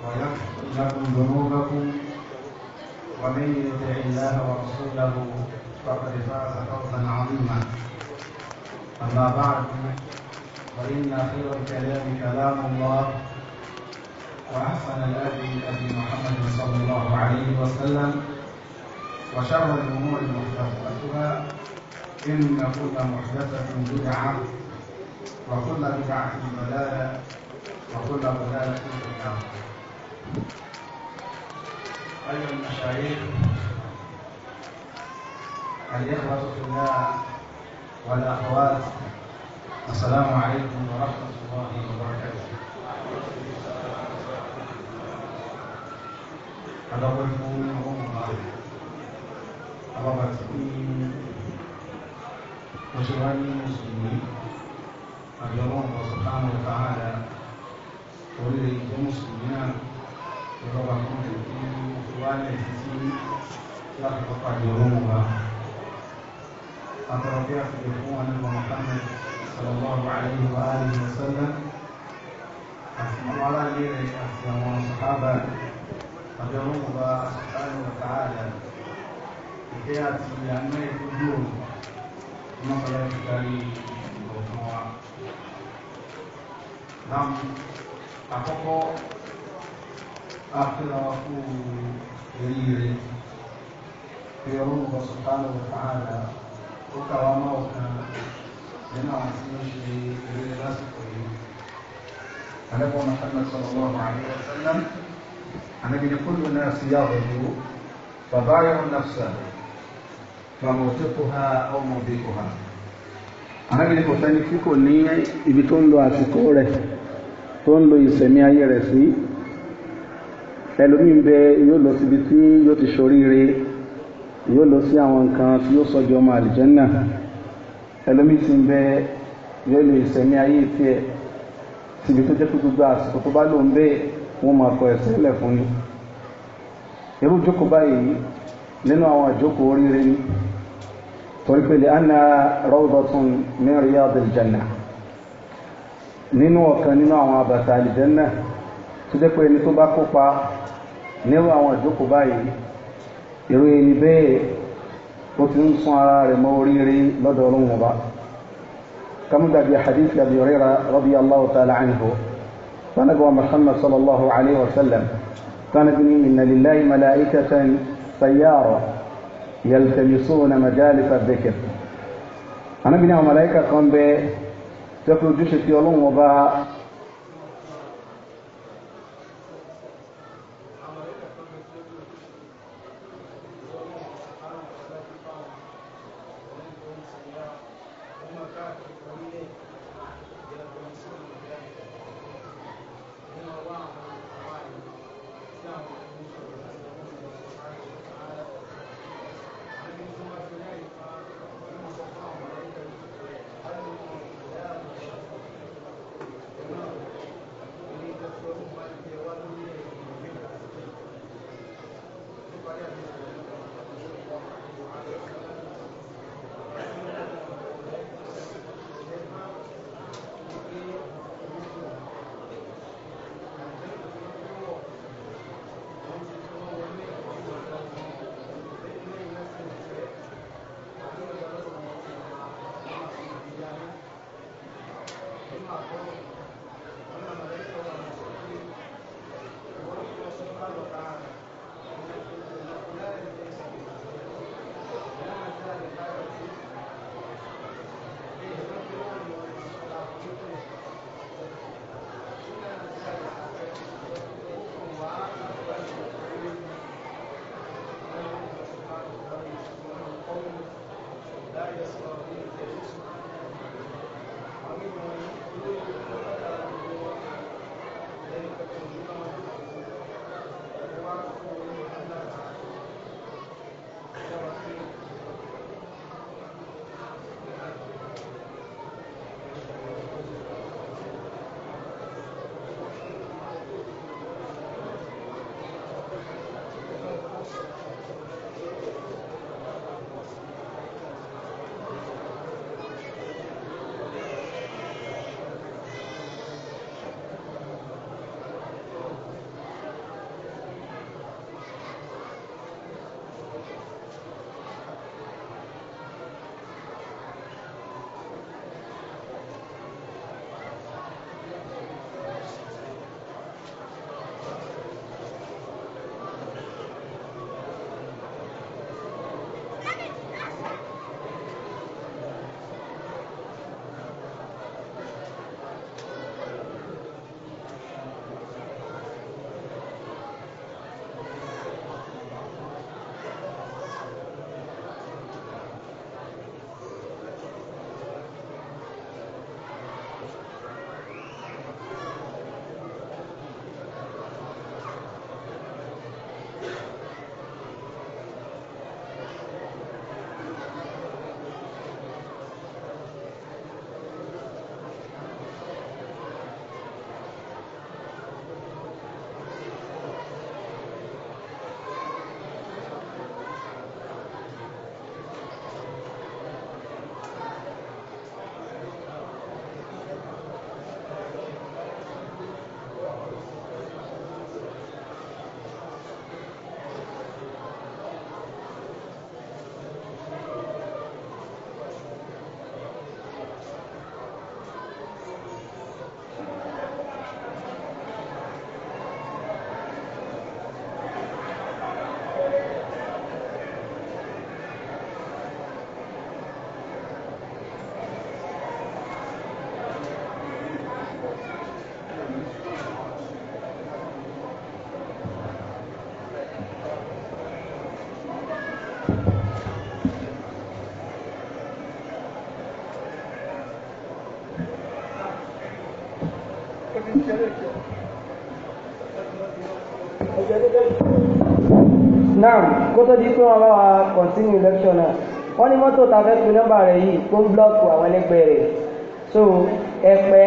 ويغفر لكم ذنوبكم ومن يطع الله ورسوله فقد فاز فوزا عظيما اما بعد فان خير الكلام كلام الله واحسن الهدي ابي محمد صلى الله عليه وسلم وشر الامور محدثاتها ان كل محدثه بدعه وكل بدعه ضلاله وكل ضلاله في النار أيها المشايخ الإخوة في الله والأخوات السلام عليكم ورحمة الله وبركاته أدعو الفون àwọn àti pé ọjọ́wá ní mùsùlùmí àjọ wọn kọ̀ sọ̀tánù tààdà orílẹ̀-èdè mùsùlùmí náà ìjọba tó lè kí oṣù wa lè sí láti kọ́ pàdé ọlọ́run wa àtọ̀rọ̀ Muhammad sallallahu alaihi wa alihi wa sallam àti àwọn aráàlú rẹ̀ àti àwọn sàhábà pàdé ọlọ́run wa subhanahu wa ta'ala ìfẹ́ àti ìyànà ìdúró mọ́kànlá ìdarí ìgbọ̀nsán wa. Nam àfihàn fún oríire pé ọlọ́run bọ̀ sọ̀tánà wọ̀tàánà ó kàwá máa ọ̀kan nínú àwọn tí ó ṣe oríire lásìkò yìí alẹ́kọ̀ọ́ mọ̀tánà sọ̀rọ̀ lọ́wọ́ àríwá sẹ́lẹ̀m àmìgìdì kúlù náà sí yàwó ìlú bàbá yàwó nàfsà bàbá òtẹ́kù ha ọmọ òbí kò ha àmìgìdì kò fẹ́ni tí kò ní ibi tó ń lo àsìkò rẹ̀ tó ń lo ìsẹ̀mí ayé rẹ̀ sí ẹlòmíín bẹ yóò lọ síbi tí yóò ti ṣoríire yóò lọ sí àwọn nǹkan tí yóò sọ di ọmọ àlìjẹ́nà ẹlòmíín ti ń bẹ yóò lè sẹ́mi ayé tiẹ̀ síbi tó jẹ́ pé gbogbo àsìkò tó bá lòun bẹ́ẹ̀ wọ́n máa kọ ẹ̀sẹ̀ lẹ̀ fún ni irú ìjókòó báyìí nínú àwọn àjókòó oríire ni torí pé anna rawdatun min riyadil nínú ọ̀kan nínú àwọn àbàtà àlìjẹ́nà tó jẹ́ pé ẹni tó bá kópa nírú àwọn ìjókòó báyìí èrò ẹni bẹ́ẹ̀ ó ti ń sún ara rẹ̀ mọ́ oríire lọ́dọ̀ ọlọ́run ọba kàmúgbàgbé hadith Abi Hurairah radiyallahu ta'ala anhu sanagwa Muhammad sallallahu alayhi wa sallam sanagni inna lillahi malaikatan sayyara yaltamisuna majalisa dhikr anabini àwọn malaika kan bẹ tẹkulu ojúṣe tí ọlọ́run ọba náà kó tó di pé wọn bá wa continue election náà wọ́n ní mọ́tò ta fẹ́ pe nọ́mbà rẹ̀ yìí kó búlọ́ọ̀kù àwọn ẹlẹgbẹ́ rẹ̀ so ẹ̀pẹ́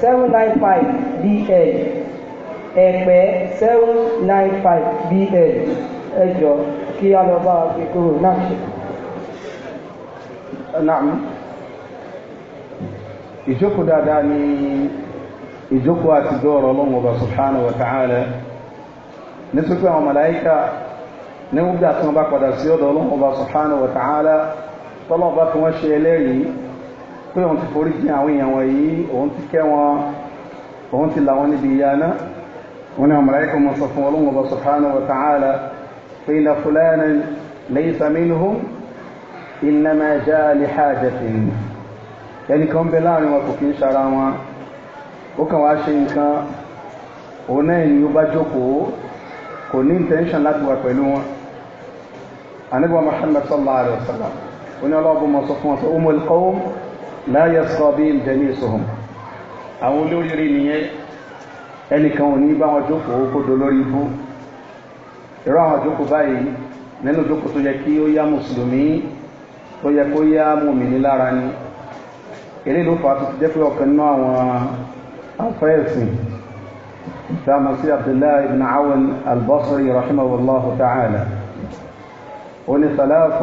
seven nine five bl ẹ̀pẹ́ seven nine five bl ẹjọ́ kí a lọ bá wa fi kúrò náà ṣe. naam ìjókòó dáadáa ni ìjókòó àti dọ́ọ̀rọ̀ ọlọ́run ọba subhanahu wa ta'ala nítorí pé àwọn màláíkà nígbà tí wọ́n bá padà sí ọ̀dọ̀ ọlọ́run ọba subhanahu wa ta'ala tọ́lọ́ bá fi wọ́n ṣe ẹlẹ́rìí pé òun ti forí jìn àwọn èèyàn wọ̀nyí òun ti kẹ́ wọn òun ti là wọn níbi ìyà náà wọn ni àwọn màláíkà mọ̀ sọ fún ọlọ́run ọba subhanahu pé inna fulanan laysa minhum innama jaa li hajatin kò ní intention láti wà pẹ̀lú wọn anabiwa muhammad sallallahu alayhi wa sallam oní ọlọ́ọ̀bù mọ̀ sọ fún wọn sọ umul qawm la yasqa bihim jalisuhum àwọn olóríire nìyẹn ẹnìkan ò ní bá wọn jókòó kó dolórí ibú irú àwọn jókòó báyìí nínú jókòó tó yẹ kí ó yá mùsùlùmí tó yẹ kó yá mùmìnì lára ni eré ló fà á tó ti jẹ́ pé ọ̀kan náà àwọn afẹ́ ẹ̀sìn كما سي عبد الله بن عون البصري رحمه الله تعالى وني ثلاث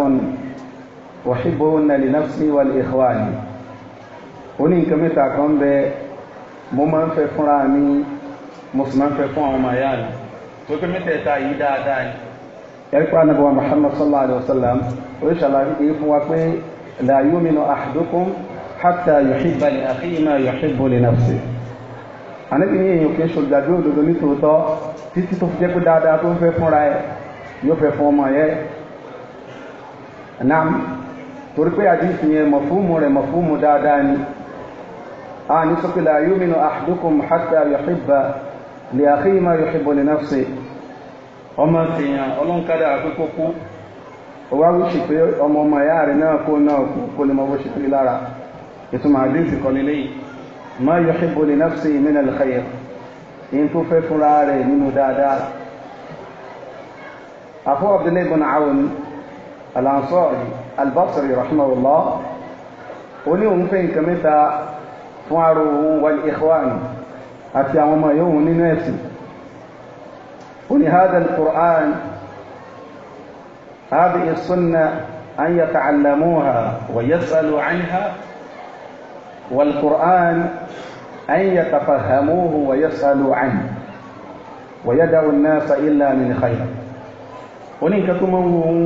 أحبهن لنفسي والإخوان وني كم تاكم به mo máa ń fẹ́ fúnra mi mo sì máa ń fẹ́ fún àwọn ọmọ ayá mi tó kí mẹ́tẹ̀ẹ̀ta yìí dáadáa ni. ẹ̀ríkọ́ anábọ̀ Muhammad sallallahu alayhi wa sallam oríṣàlàyé yìí fún wa pé la yuminu ahadukum hatta yuhibba li akhihi ma yuhibbu li nafsihi ànábì ní èèyàn kìí ṣògbàgbé òdodo nítòótọ́ títí tó fi jẹ́ pé dáadáa tó ń fẹ́ fúnra ẹ̀ yóò fẹ́ fún ọmọ yẹ nam torí pé àdìsí yẹn mọ̀fúnmu rẹ̀ mọ̀fúnmu dáadáa ni a ní sọ pé la yuminu ahadukum hatta yuhibba li akhihi ma yuhibbu li nafsi ọmọ tèèyàn ọlọ́nkadà àkókò kú ọwá wíṣì pé ọmọ ọmọ ẹ̀yà rẹ̀ náà kó náà kó lè mọ bó ṣe pé lára ìtumọ̀ àdìsí kọ́ni léyìí ما يحب لنفسه من الخير إن تفف العالي من دادا أخو عبد الله بن عون الأنصاري البصري رحمه الله وليوم فين كمتا فعره والإخوان أتيا وما يوم نفسي ولهذا القرآن هذه السنة أن يتعلموها ويسألوا عنها والقرآن أن يتفهموه ويسألوا عنه ويدعو الناس إلا من خير oníkẹ́kùnmọ́hún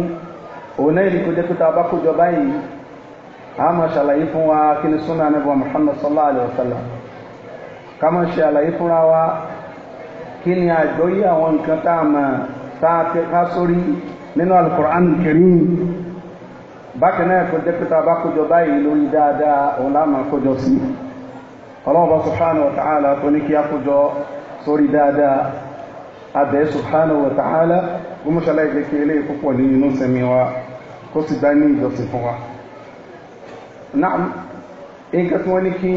òun ẹ̀rí kó jẹ́ pé ta bá kójọ báyìí a máa ṣàlàyé fún wa kí ni súnà nígbà Muhammad sallallahu alaihi wasallam ká máa ṣe àlàyé fúnra wa kí ni àjọyé àwọn nǹkan tá a máa tá a ká sórí nínú Al-Qur'an bákan náà kò jẹ́ pé tá a bá kójọ báyìí lórí dáadáa òun la máa sí ọlọ́run subhanahu wa ta'ala tó ní kí a kójọ sórí dáadáa abẹ́ subhanahu wa ta'ala gómìnà ìgbékè ilé púpọ̀ ní inú sẹ́mi wa kó sì dá ní ìjọsìn fún wa náà nǹkan tí wọ́n ní kí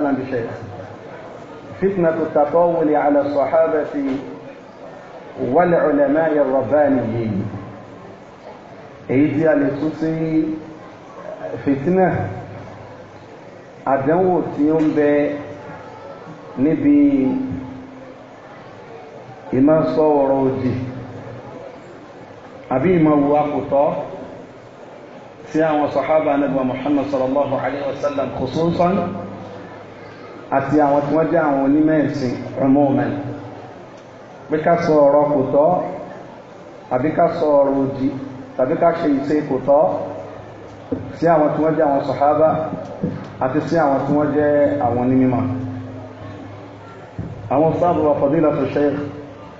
a فتنة التطاول على الصحابة والعلماء الربانيين èyí a lè tún sí fìtínà àdánwò tí ó ń bẹ níbi ìmọ̀ sọ ọ̀rọ̀ òdì àbí ìmọ̀ wo akùtọ́ tí àwọn sàhábà Ànábì Muhammad sallallahu alayhi wa sallam khususan àti àwọn tí wọ́n jẹ́ àwọn onímọ̀ ẹ̀sìn umuman pé ká sọ ọ̀rọ̀ kò tọ́ àbí ká sọ ọ̀rọ̀ òdì tàbí ká ṣe ìṣe kò tọ́ sí àwọn tí wọ́n jẹ́ àwọn sàhábà àti sí àwọn tí wọ́n jẹ́ àwọn onímọ̀ àwọn sábà wà fadilatu shaykh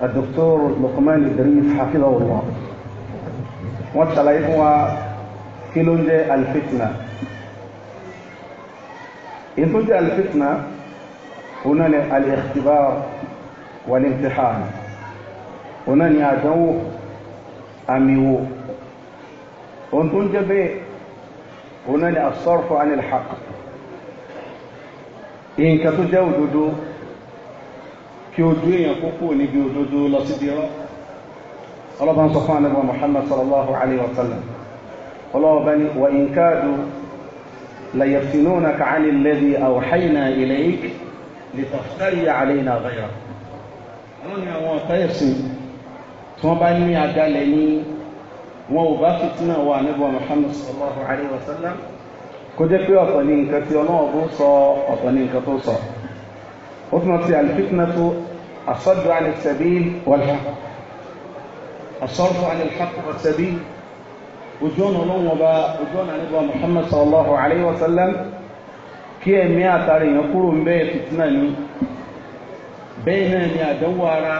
ad-doktor Luqman Idris hafidhahullah wọ́n ṣàlàyé fún wa kí ló ń jẹ́ alifitna èyí alifitna ọ̀nà ni al-ikhtibar wal-imtihan ọ̀nà ni àdánwò àmìwò ohun tó ń jẹ́ bẹ́ẹ̀ ọ̀nà ni as-sarfu an al-haq nǹkan tó jẹ́ òdodo kí ojú èèyàn kókó níbi òdodo lọ sí dirọ́ ọlọ́bàá ń sọ fún ànábì Muhammad sallallahu alayhi wa sallam ọlọ́ọ̀bá ni wa in kadu la yaftinunaka 'ani alladhi awhayna ilayk lìtọ̀fẹ́rì علينا غيره. wọ́n ní àwọn ọ̀tá ẹ̀sìn tí wọ́n bá ní agalẹ̀ ní wọn ò bá fìtínà wà níbo Muhammad sallallahu alayhi wa sallam kó jẹ́ pé ọ̀tọ̀ ní nǹkan tí ọlọ́wọ́ bó sọ ọ̀tọ̀ ní nǹkan tó sọ ó fi hàn sí alifitnatu asọ́dù alẹ́sẹ̀bíl wàlá asọ́dù alẹ́sẹ̀bíl ojú ọ̀nà ọlọ́wọ́ bá ojú ọ̀nà níbo Muhammad sallallahu alayhi wa sallam kí ẹ̀mí àtàrí èèyàn kúrò ń bẹ́ẹ̀ na ní bẹ́ẹ̀ náà ni àdánwò ara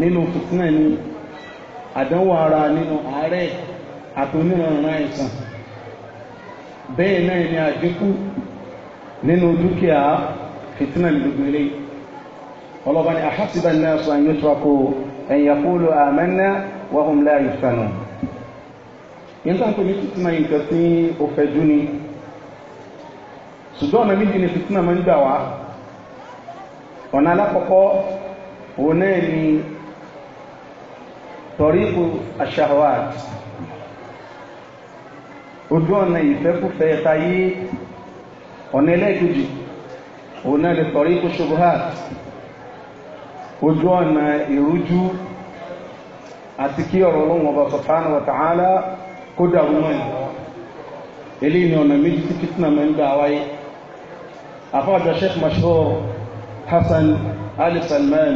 nínú A ní àdánwò ara nínú ààrẹ àtòníranran àìsàn bẹ́ẹ̀ náà ni àdínkù nínú dúkìá fìtínà ní gbogbo ilé ọlọ́ba ni àhásíbà náà sọ àyè tọ́kọ ẹ̀yà a àmẹ́nà wàhùn láàyè sànù yín tàbí ní fìtínà yìí kan sí òfẹ́jú ni. ṣùgbọ́n ọ̀nà méjì ni fìtínà máa ń gbà wá ọ̀nà alákọ̀ọ́kọ́ òun náà ni tọ̀ríkù aṣahawat ojú ọ̀nà ìfẹ́kùfẹ́ tayé ọ̀nà ẹlẹ́gbẹ̀jì òun náà ni tọ̀ríkù ṣubuhat ojú ọ̀nà ìrújú àti kí ọ̀rọ̀ Ọlọ́hun Ọba subhanahu wa ta'ala kó dàrú mọ́ eléyìí ni ọ̀nà méjì tí fìtínà máa ń gbà wáyé àfáàjọ sheikh mashhur hassan ali salman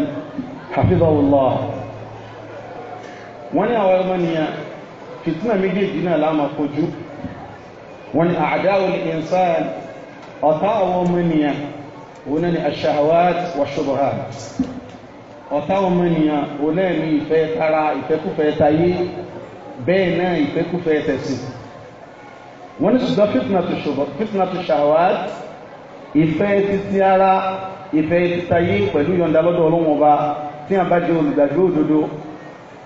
hafizahullah wọ́n ní àwọn ọmọnìyàn fìtínà méjèèjì náà láàmà kojú wọ́n ní àdáwòl insan ọ̀tá àwọn ọmọnìyàn wọ́n ní ashahawat wa shubuhat ọ̀tá ọmọnìyàn wọ́n náà ní ìfẹ́ tara ìfẹ́kúfẹ́ tayé bẹ́ẹ̀ náà ìfẹ́kúfẹ́ tẹ̀sìn wọ́n ní ṣùgbọ́n fìtínà tó shahawat ìfẹ́ títí ara ìfẹ́ títáyé pẹ̀lú yọ̀ǹda lọ́dọ̀ ọlọ́wọ́n ọba tí a bá jẹ́ olùgbàgbé òdodo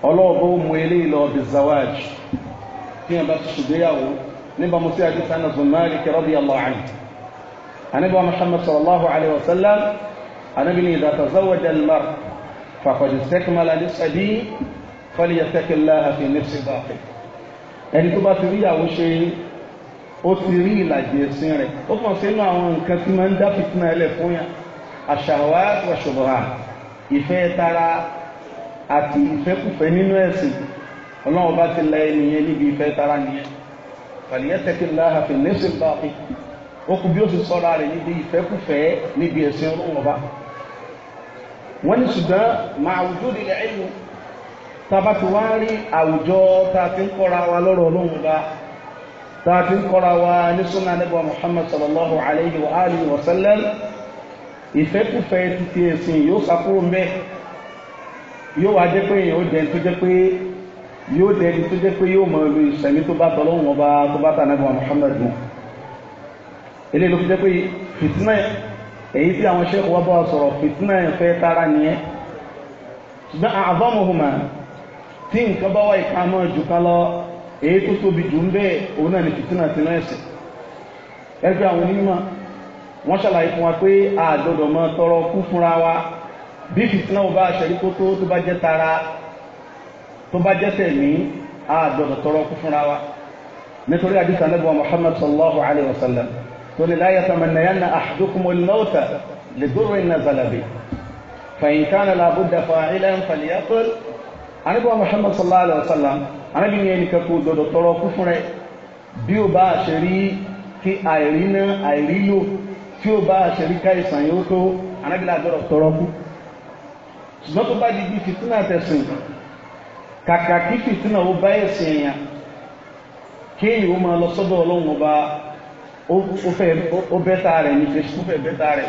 ọlọ́ọ̀bọ mú eléyìí lọ bí zawaj tí a bá ṣùgbéyàwó nígbà mo sí àdìsá náà zùmáàlì kẹrọ bí muhammad sallallahu alayhi wa sallam anábì ní idha tazawaja al-mar faqad istakmala nisbi falyattaqillaha fi nafsi baqi ẹni tó bá ti ríyàwó ṣe ó ti rí ìlàjì ẹ̀sìn rẹ̀ ó kàn sínú àwọn nǹkan tí máa ń dá fìtínà ẹlẹ̀ fún yàn àṣàwá àṣọ̀bọ̀hà ìfẹ́ tara àti ìfẹ́kùfẹ́ nínú ẹ̀sìn ọlọ́run bá ti la ẹnìyẹn níbi ìfẹ́ tara nìyẹn fàlíyẹ́tẹ̀kì láhà fi lẹ́sìn bá fi ó kú bí ó sì sọ́ra rẹ̀ níbi ìfẹ́kùfẹ́ níbi ẹ̀sìn ọlọ́run ọba wọ́n ní ṣùgbọ́n máa wùdú nílẹ̀ ẹ̀yìn tá a bá ti wá rí àwùjọ tá a ti ń kọ́ra wa lọ́rọ̀ ọlọ́run ọba tààfin kọ́ra wa ní súnà níbọ̀ muhammad sallallahu alayhi wa alihi wa sallam ìfẹ́kùfẹ́ títí ẹ̀sìn yóò sàkúrò mbẹ́ yóò wá jẹ́ pé èèyàn ó jẹ́ tó jẹ́ pé yóò jẹ́ ẹni tó jẹ́ pé yóò mọ ìlú ìsẹ̀mí tó bá tọ́lọ́ wọn bá muhammad mu eléyìí ló fi jẹ́ pé fìtínà èyí tí wa sọ̀rọ̀ fìtínà fẹ́ tara nìyẹn ṣùgbọ́n àbámuhùmá tí nǹkan bá wà ìpamọ́ jù kan èyí tó tóbi jù ń bẹ́ẹ̀ òun náà ni fìtínà tinú ẹ̀sìn ẹgbẹ́ àwọn onímọ̀ wọ́n ṣàlàyé fún wa pé àgbọ̀dọ̀ máa tọrọ kú fúnra wa bí fìtínà ò bá ṣẹ̀rí kó tó tó bá jẹ́ tara tó bá jẹ́ tẹ̀mí àgbọ̀dọ̀ tọrọ kú fúnra wa nítorí àdìsí anábọ̀ Muhammad sallallahu alayhi wa sallam tó ní la yatamannayanna ahadukumul mawta lidurrin nazala bihi fa in kana labudda fa'ilan falyaqul anábọ̀ Muhammad sallallahu alayhi wa sallam anábì ní ẹnìkan kò gbọdọ̀ tọrọ kú fún rẹ bí ó bá àṣẹ rí kí àìríná àìrílò tí ó bá àṣẹ rí káìsàn yóò tó anábì náà gbọdọ̀ tọrọ kú ṣùgbọ́n tó bá di bí fìtínà tẹ̀sìn kàkà kí fìtínà ó bá ẹ̀sìn èèyàn kéèyàn ó máa lọ sọ́dọ̀ ọlọ́run ọba ó bẹ́tà rẹ̀ ní fèsì ó fẹ́ bẹ́tà rẹ̀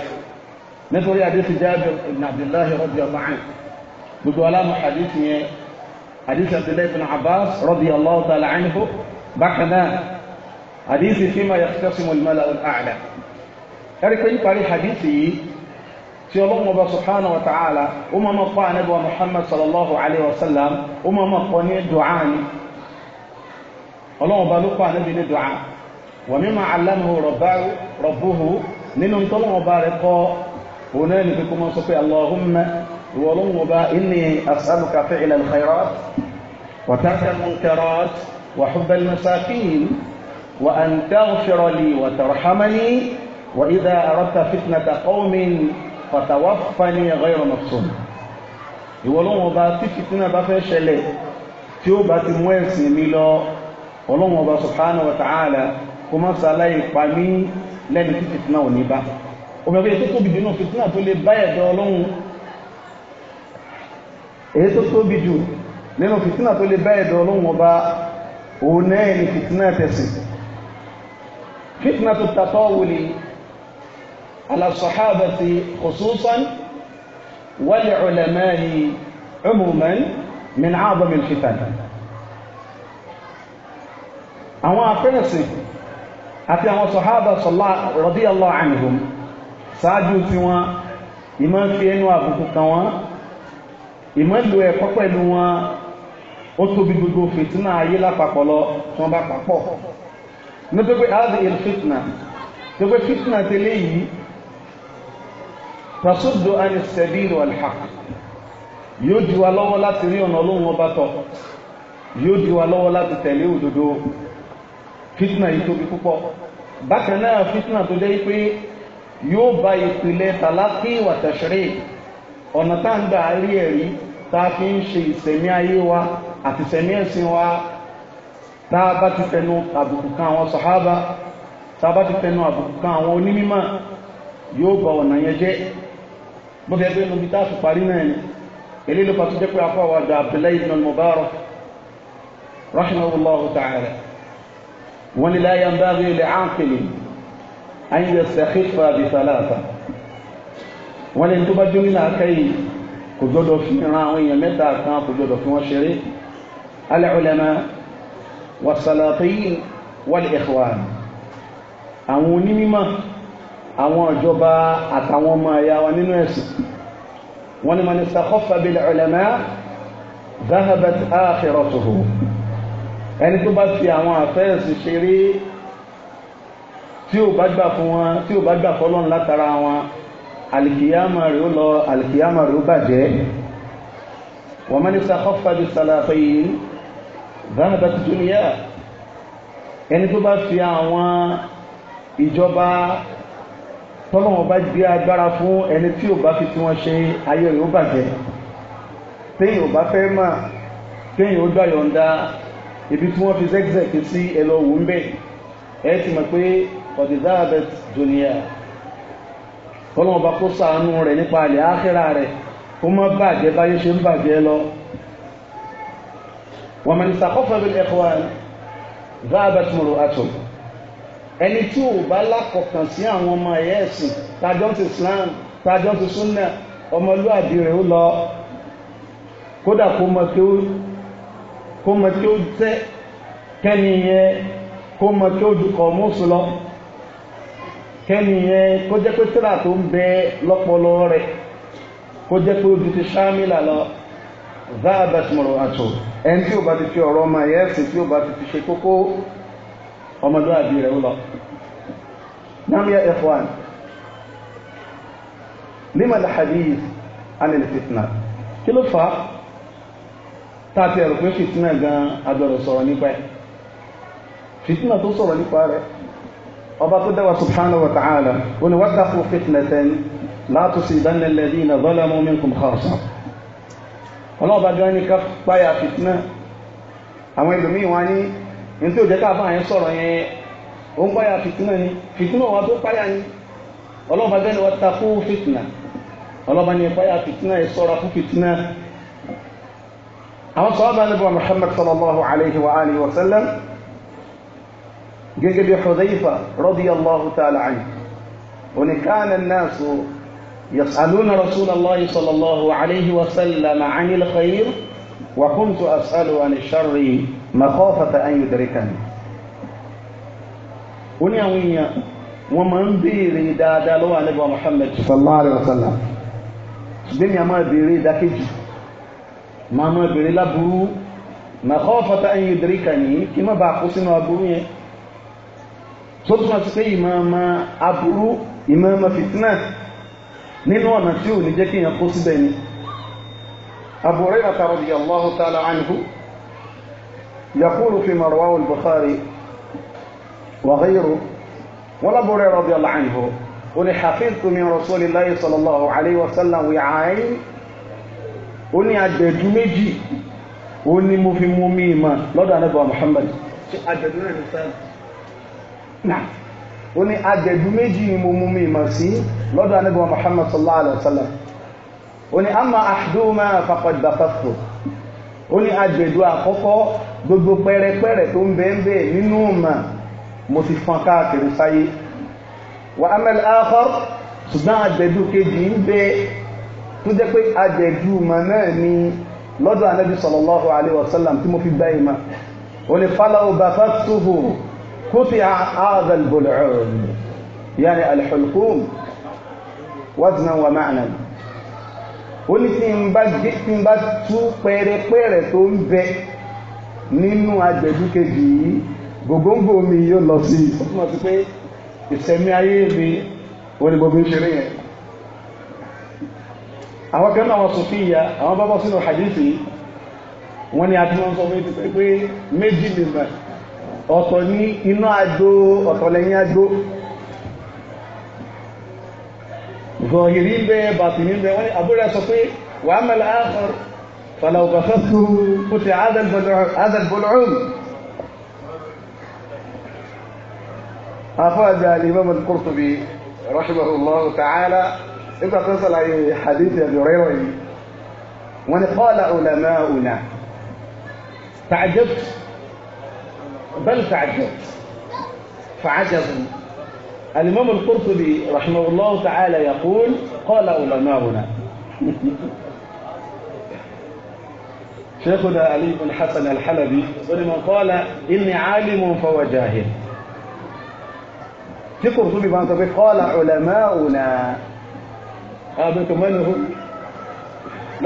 nítorí adé ti Jabir Abdullahi radiyallahu anhu gbogbo alámọ̀ adé ti yẹn hadith abdullahi ibn abbas radiyallahu ta'ala anhu bákan náà hadith fima yakhtasimu al-mala'u al-a'la ẹ̀rí pé níparí hadith yìí tí ọlọ́run ọba subhanahu wa ta'ala ó máa máa kọ́ ànábì wa muhammad sallallahu alayhi wa sallam ó máa máa kọ́ ní du'a ni ọlọ́run ọba ló kọ́ ànábì ní du'a wa mimma allamahu rabbuhu nínú tọ́lọ́run ọba rẹ̀ kọ́ òun náà ní kíkọ́ máa sọ pé allahumma ìwọlọ́wọ́ bá inni as'aluka fi'la al-khayrat wa tarka al-munkarat wa hubba al-masakin wa an taghfira li wa tarhamani wa idha aradta fitnata qawmin fatawaffani ghayra mafsun ìwọlọ́wọ́ bá tí fìtínà bá fẹ́ ṣẹlẹ̀ tí ó bá ti mú ẹ̀sìn mi lọ ọlọ́wọ́ bá subhanahu wa ta'ala kó má ṣàlàyé pa mí lẹ́ni tí fìtínà ò ní bá òmìnira tó tóbi dínú fìtínà tó lè bá ẹ̀dọ́ ọlọ́run èyí tó tóbi jù nínú fìtínà tó lè bá ẹ̀dọ̀ ọlọ́run ọba òun náà ni fìtínà tẹ̀sìn fìtínà tó tatawuli ala sahabati khususan wal ulamai umuman min a'zami al-fitan àwọn afẹ́rẹ̀sìn àti àwọn sọ̀hábà sọ̀lá radiyallahu anhum ṣáájú tí ìmọ̀ fi ẹnu àbùkù kan wọ́n ìmọ̀lò ẹ̀kọ́ pẹ̀lú wọn ó tóbi gbogbo fìtínà ayé lápapọ̀ lọ tí wọ́n bá papọ̀ nítorí pé áàdì il fìtínà tó pé fìtínà tẹ́lẹ̀ yìí tasudu ani sabil wal haqq yóò di wa lọ́wọ́ láti rí ọ̀nà Ọlọ́run ọba tọ̀ yóò di wa lọ́wọ́ láti tẹ̀lé òdodo fìtínà yìí tóbi púpọ̀ bákan náà fìtínà tó jẹ́ pé yóò ba ìpìlẹ̀ tàlákì wà ọ̀nà tá à ń gbà rí ẹ̀rí tá a fi ń ṣe ìsẹ̀mí ayé wa àti ìsẹ̀mí ẹ̀sìn wa tá a bá ti fẹnu àbùkù kan àwọn sàhábà tá a bá ti fẹnu àbùkù kan àwọn onímímọ̀ yóò bá ọ̀nà yẹn jẹ́ bó fẹ́ pé níbi tá a sùn parí náà ni èlé ló pàtó jẹ́ pé afọ àwọn àgbà Abdullahi ibn al-Mubarak rahimahullahu ta'ala wọn ni la yanbaghi li 'aqilin an yastakhifa bi thalatha wọ́n lẹ́ni tó bá jó nílà akẹ́yìn kò gbọ́dọ̀ fi ran àwọn èèyàn mẹ́ta kan kò gbọ́dọ̀ fi wọ́n ṣeré al-ulama wasalatin wal-ikhwan àwọn onímọ̀ àwọn ìjọba àtàwọn ọmọ ẹ̀yà wa nínú ẹ̀sìn wọ́n ní man istakhaffa bil-ulama dhahabat akhiratuhu ẹni tó bá fi àwọn àfẹ́ẹ̀sì ṣeré tí ò bá gbà fún wọn tí ò bá gbà fọlọ́run látara wọn alìkìyàmà rẹ̀ ó lọ alìkìyàmà rẹ̀ ó bàjẹ́ wọ́n mẹ́ni sàkọ́fà bí sàlàfà yìí zanaba tuntun yá ẹni tó bá fi àwọn ìjọba tọ́lọ́wọ́n bá gbé agbára fún ẹni tí ò bá fi tí wọ́n ṣe ayé rẹ̀ ó bàjẹ́ téèyàn ò bá fẹ́ mà téèyàn ó gbàyọ̀ǹda ibi tí wọ́n fi zẹ́gzẹ́gì sí ẹ lọ wò ń bẹ̀ ẹ ti mọ̀ pé ọ̀dìdá abẹ́t dùnìyà ọlọ́run bá kó sàánú rẹ̀ nípa àlẹ́ áhẹ́rà rẹ̀ ó má bàjẹ́ báyé ṣe ń bàjẹ́ lọ. wọ́n mẹ́rin sàkọ́fà bí ẹ̀kọ́ wa bá a bá tún lò àtò ẹni tí ò bá lákọ̀ọ̀kan sí àwọn ọmọ ẹ̀yẹ́ ẹ̀sìn tájọ́ ti Islam tájọ́ ti súnà ọmọlúwàbí rẹ̀ ó lọ kódà kó mọ kí ó tẹ́ kẹ́ni kó mọ kí ó dùkọ̀ mọ́sùn lọ kẹ́niyẹn kó jẹ́ pé tíra tó ń bẹ lọ́pọlọ rẹ̀ kó jẹ́ pé ojú ti ṣámìlà lọ záàbà tí mo rò àtò ẹni tí ó bá ti fi ọ̀rọ̀ ọmọ ẹ̀yẹ́ ẹ̀sìn tí ó bá ti fi ṣe kókó ọmọdé rẹ̀ ó lọ. Nàmíyà F1 Lima al-Hadith Anil Fitna. Kí ló fà á? Táàtì ẹ̀rù pé fìtínà gan-an agbọ̀rọ̀ sọ̀rọ̀ nípa ẹ̀. Fìtínà tó sọ̀rọ̀ nípa rẹ̀ ọba tó dẹ́wà subhanahu wa ta'ala wọn ni wattaqu fitnatan la tusibanna alladhina zalamu minkum khassa ọlọ́ọ̀bá gan ni ká páyà fitna àwọn ẹlòmíì wọn ní ní tí ò jẹ́ káfà yẹn sọ̀rọ̀ yẹn ó ń páyà fitna ni fitna wọn tó páyà ni ọlọ́ọ̀bá gan ni wattaqu fitna ọlọ́ọ̀bá ni páyà fitna yẹn fún fitna àwọn sọ̀rọ̀ bá ní bọ̀ sallallahu alayhi wa sallam جيجي بحذيفة رضي الله تعالى عنه وإن كان الناس يسألون رسول الله صلى الله عليه وسلم عن الخير وكنت أسأل عن الشر مخافة أن يدركني ونيا ونيا ومن بيري دادا لو نبي محمد صلى الله عليه وسلم دنيا ما بيري كيجي ما ما بيري لا برو مخافة أن يدركني كما باقوسين وابروين tó túmọ̀ sí pé ìmọ̀ọ́mọ́ aburú ìmọ̀ọ́mọ́ fìtínà nínú ọ̀nà tí ò ní jẹ́ kí èèyàn kó síbẹ̀ ni Abu Hurayrah radiyallahu ta'ala anhu yaqulu fi ma rawahu al-Bukhari wa ghayruhu wala Abu Hurayrah radiyallahu anhu ó ní hafiztu min rasulillahi sallallahu alayhi wa sallam wi'ayn ó ní àjẹ̀dú méjì ó ní mo fi mú mi ìmọ̀ Muhammad àjẹ̀dú náà ní sáà ó ní agbẹ̀dú méjì ni mo mú mi mọ̀ sí lọ́dọ̀ anábọ̀ Muhammad sallallahu alaihi wasallam ó ní amma ahduma faqad bafafu ó ní agbẹ̀dú àkọ́kọ́ gbogbo pẹrẹpẹrẹ tó ń bẹ́ẹ̀ bẹ́ẹ̀ nínú ọmọ mo ti fọn káàkiri sáyé wa amal akhar ṣùgbọ́n agbẹ̀dú kejì ń bẹ tó jẹ́ pé agbẹ̀dú mọ̀ náà ni lọ́dọ̀ anábì sallallahu alaihi wasallam tí mo fi gbá ìmọ̀ ó ní falawo bafafuhu قطع هذا البلعوم يعني الحلقوم وزنا ومعنى ó ní tí n bá gé tí n bá tú pẹrẹpẹrẹ tó ń bẹ nínú agbẹ̀dúkejì yìí gògóńgò mi yóò lọ sí i ó túmọ̀ sí pé ìsẹ̀mí ayé mi ó ní gbogbo ìṣeré yẹn àwọn kan náà wọn sọ fún ìyá àwọn bábọ́ sínú hadithi wọn ni a sọ fún ètò pé méjì lè bàjẹ́. ọ̀tọ̀ ní iná àjò ọ̀tọ̀ lẹ́yìn àjò zọ̀hìrí ń bẹ bàtìní ń bẹ wọ́n ní àbúrò sọ pé wa a mẹ́lẹ̀ áhùn fàlàwù bàtàkù kó ti àádàlbọ̀lọ́rùn afọ́jà al-imam al-Qurtubi rahimahullahu ta'ala nígbà tó ń sàlàyé hadith Abi Hurayrah yìí wọ́n ní qala ulamauna ta'ajjabtu بل تعجب فعجبوا الإمام القرطبي رحمه الله تعالى يقول قال علماؤنا شيخنا علي بن حسن الحلبي من قال إني عالم فوجاهل في قرطبي بن قال علماؤنا هذا من هو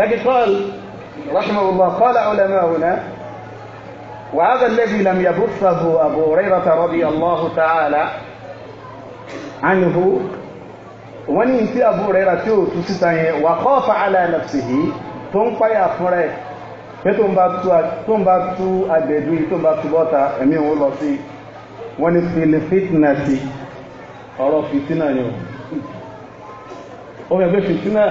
لكن قال رحمه الله قال علماؤنا وهذا الذي لم يبثه أبو هريرة رضي الله تعالى عنه وني انت أبو هريرة تسيطان وخاف على نفسه تنقى أفره tó ń bá tú agbẹ̀dú yìí tó ń bá tú bọ́ta ẹ̀mí òun lọ sí wọ́n ní fìlì fìtìnà sí ọ̀rọ̀ fìtìnà ni ó mẹ́gbẹ́ fìtìnà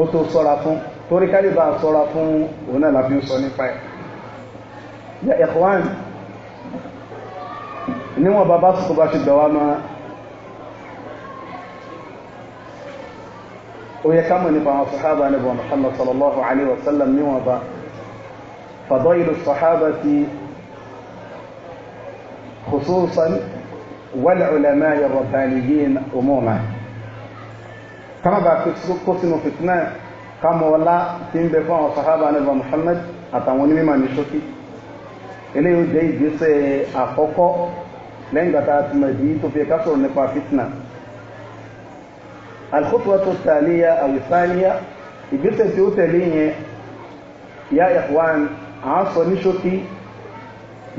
ó tó sọ́ra fún torí ká lè bá sọ́ra fún òun náà lábí ń sọ nípa ẹ̀ يا إخوان نوا بابا صبات الدوامة ويا كم نبغى الصحابة نبغى محمد صلى الله عليه وسلم نوا با فضيل الصحابة خصوصا والعلماء الربانيين عموما كما بقى قسموا في اثنان قاموا والله تيم صحابة الصحابة محمد أتمنى مما نشوفي eléyìí ó jẹ́ ìgbésẹ̀ àkọ́kọ́ lẹ́yìn gbàtà àti mẹ̀dí tó fi ẹ̀ká sọ̀rọ̀ nípa fitna alkhutwatu taliya awithaniya ìgbésẹ̀ tí ó tẹ̀lé yẹn ya ikhwan à ń sọ ní ṣókí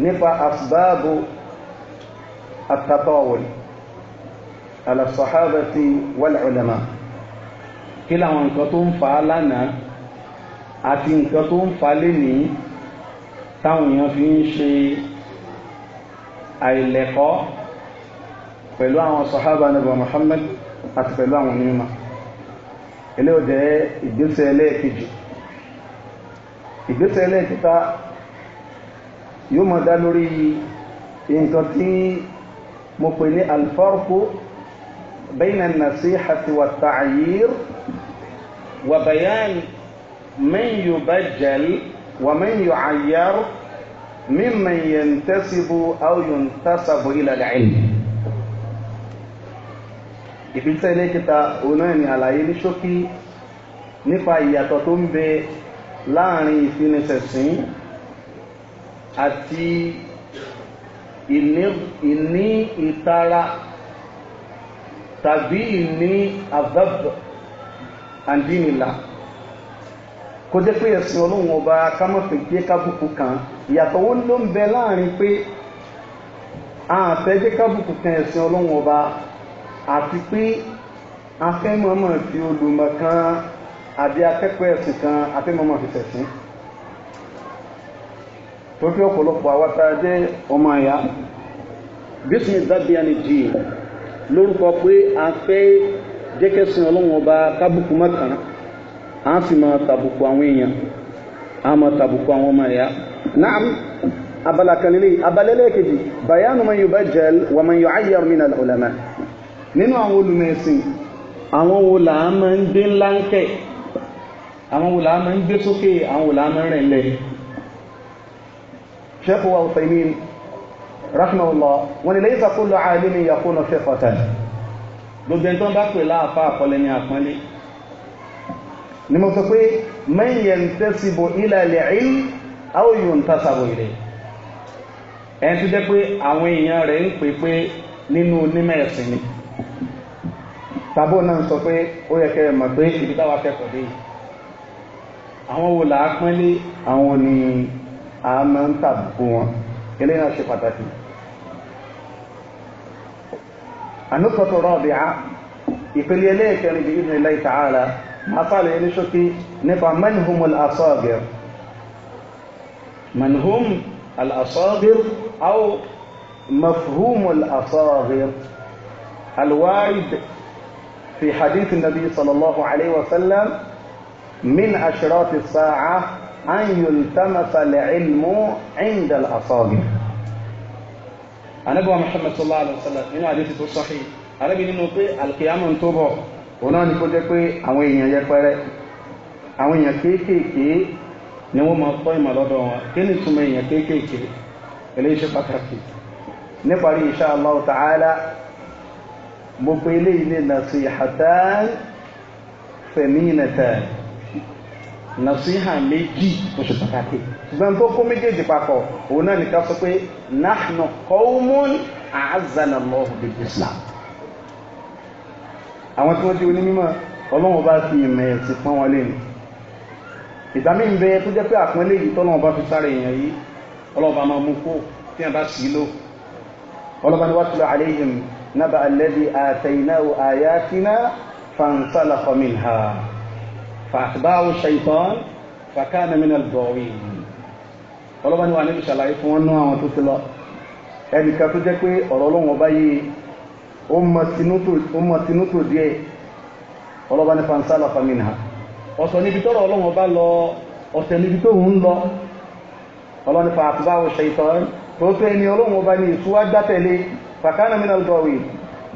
nípa asbáàbù àtàtọ̀wọ̀l alàṣọ̀hábàtì wal kí làwọn nǹkan tó ń fa lánàá àti nǹkan tó ń fa lénìí táwọn èèyàn fi ń ṣe àìlẹ́kọ́ pẹ̀lú àwọn sọ̀hábà nàbà Muhammad àti pẹ̀lú àwọn onímọ̀ ilé ò jẹ́ ìgbésẹ̀ ẹlẹ́ẹ̀kejì ìgbésẹ̀ ẹlẹ́ẹ̀kẹta yóò mọ̀ dá lórí nǹkan tí mo pè ní alfarku bayna nasihati wa ta'yir wa bayan man yubajjal ومن يعير ممن ينتسب أو ينتسب إلى العلم ìfilsẹ́ ilé kíta òun náà ni àlàyé ní ṣókí nípa ìyàtọ̀ tó ń bẹ láàrin ìfinisẹ̀sìn àti ìní ìtara tàbí ìní àbábọ̀ àdínìlà kó jẹ́ pé ẹ̀sìn ọlọ́run ọba kámọ̀fẹ́ jẹ́ kábùkù kan ìyàtọ̀ wo ló ń bẹ láàrin pé àfẹ́ jẹ́ kábùkù kan ẹ̀sìn ọlọ́run ọba àti pé afẹ́mọ̀mọ̀ fi olùmọ̀ kan àbí akẹ́kọ̀ọ́ ẹ̀sìn kan afẹ́mọ̀mọ̀ fi tẹ̀sìn tó fi ọ̀pọ̀lọpọ̀ àwátá jẹ́ ọmọ àyà bí sì jì lórúkọ pé afẹ́ jẹ́kẹ́sìn ọlọ́run ọba kábùkù mọ́kànlá á sì máa tàbùkù àwọn èèyàn á máa tàbùkù àwọn ọmọ ẹ̀yà náà abala kan lélẹ́yìí abala lẹ́ẹ̀kejì bayanu man yubajjal wa man yu'ayyar minal ulama nínú àwọn olùmẹ̀sìn àwọn wo là á máa ń gbé láńkẹ̀ àwọn wo là á máa ń gbé sókè àwọn wo là á máa ń rìn lẹ̀ sheikh wa Uthaymin rahimahullah wọn ni laysa kullu alimin yakunu fiqatan gbogbo ẹni tó ń bá pè láàfáà kọ́lẹ́ ní àpọ́nlé ni mo sọ pé man yantasibu ila al-ilm aw yuntasabu ilayhi ẹni tó jẹ́ pé àwọn èèyàn rẹ̀ ń pè pé nínú onímọ̀ ẹ̀sìn ni tàbó náà sọ pé ó yẹ kẹ́ ẹ mọ̀ pé ibi táwa kẹ́kọ̀ọ́ dé àwọn wo là á pínlé àwọn ni a máa ń tàbùkù wọn eléyìí náà ṣe pàtàkì ànúkọ̀tọ̀ rọ̀bìà ìpele ẹlẹ́ẹ̀kẹrin bíi ìdílé láì tààlà مطالع شو كي nípa من هم الأصاغر من هم الأصاغر أو مفهوم الأصاغر الوارد في حديث النبي صلى الله عليه وسلم من أشراط الساعة أن يلتمس العلم عند الأصاغر أنا أبو محمد صلى الله عليه وسلم من حديث الصحيح أنا بني نطيع القيام انتبه òun náà ni kó jẹ́ pé àwọn èèyàn yẹpẹrẹ àwọn èèyàn kéékèèké ni wọ́n máa kọ́ ìmọ̀ lọ́dọ̀ wọn kí ni kee èèyàn kéékèèké eléyìí pàtàkì níparí insha Allah ta'ala mo pe eléyìí ní nasihatan feminatan nasiha méjì ó pàtàkì ṣùgbọ́n tó kó méjèèjì papọ̀ òun náà ni ká sọ pé Islam. àwọn tí wọ́n ti onímọ̀ ọlọ́run bá fi ìmọ̀ ẹ̀sìn pọ́n wọn lẹ́nu ìgbà mí ń bẹ tó jẹ́ pé àpọ́nlé yìí tọ́lọ́run bá fi sára èèyàn yìí ọlọ́run bá máa mú kó tí wọ́n bá sì í lò ọlọ́run bá ní wàá tulọ̀ àléyìn nábà alẹ́bí àtẹ̀yìnáwó àyàtìná fansalakha minha fàtbáwò ṣèyítán fàkànà mìíràn dọ̀wìn ọlọ́run bá ní wàá ó mọ tinútò díẹ̀ ọlọ́ba ní fansálà faminha ọ̀sọ̀ níbi tọ́rọ̀ ọlọ́wọ́n bá lọ ọ̀sẹ̀ níbi tó ń lọ ọlọ́ni fa àtúbáwò ṣaitan tó tó ẹni ọlọ́wọ́n bá ní ìṣúwá gbátẹ̀lé fàkánà mìíràn gọ̀wì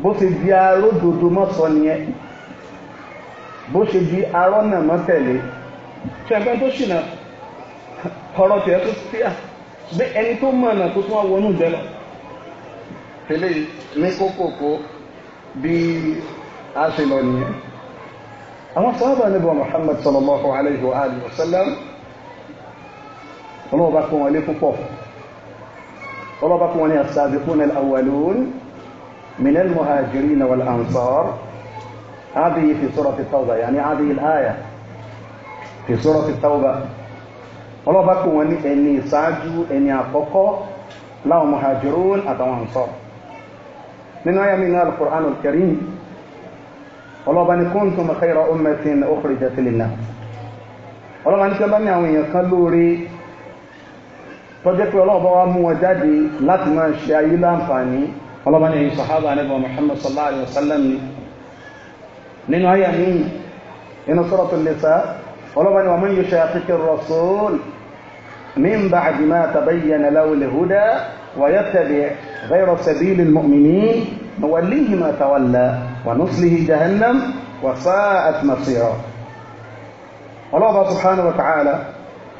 bó ṣe di aródòdó mọ́sọ nìyẹn bó ṣe di arọ́nà mọ́tẹ̀lé tí ẹgbẹ́ tó ṣìnà ọ̀rọ̀ tẹ̀ tó sí à bí ẹni tó mọ̀nà tó tún wà wọnú ìjẹ́ lọ eléyìí ní ko bí a ṣe sahaba nìyẹn bo Muhammad sallallahu alaihi wa alihi wa sallam ọlọ́ọ̀bá kún wọn lé púpọ̀ ọlọ́ọ̀bá kún wọn ní as-sabiquna al-awwalun من المهاجرين والأنصار هذه في سورة التوبة يعني هذه الآية في سورة التوبة ọlọ́ba kò wọ́n ní ẹni ìṣáájú ẹni àkọ́kọ́ láwọn muhajirun àtàwọn ansar nínú ayé mi ní alukur'an karim ọlọ́ba ní kuntum khayra ummatin ukhrijat lin-nas ọlọ́ba ní sábà ní àwọn èèyàn kan lóore tọ́jẹ́ pé ọlọ́ba wa mú wọn jáde láti máa ṣe ayé láǹfààní ọlọ́ba ní ẹ̀yìn sàhábà nígbà Muhammad sallallahu alayhi wa sallam nínú ويتبع غير سبيل المؤمنين نوليه ما تولى ونصله جهنم وساءت مصيرا ọlọ́ọ̀bá subhanahu wa ta'ala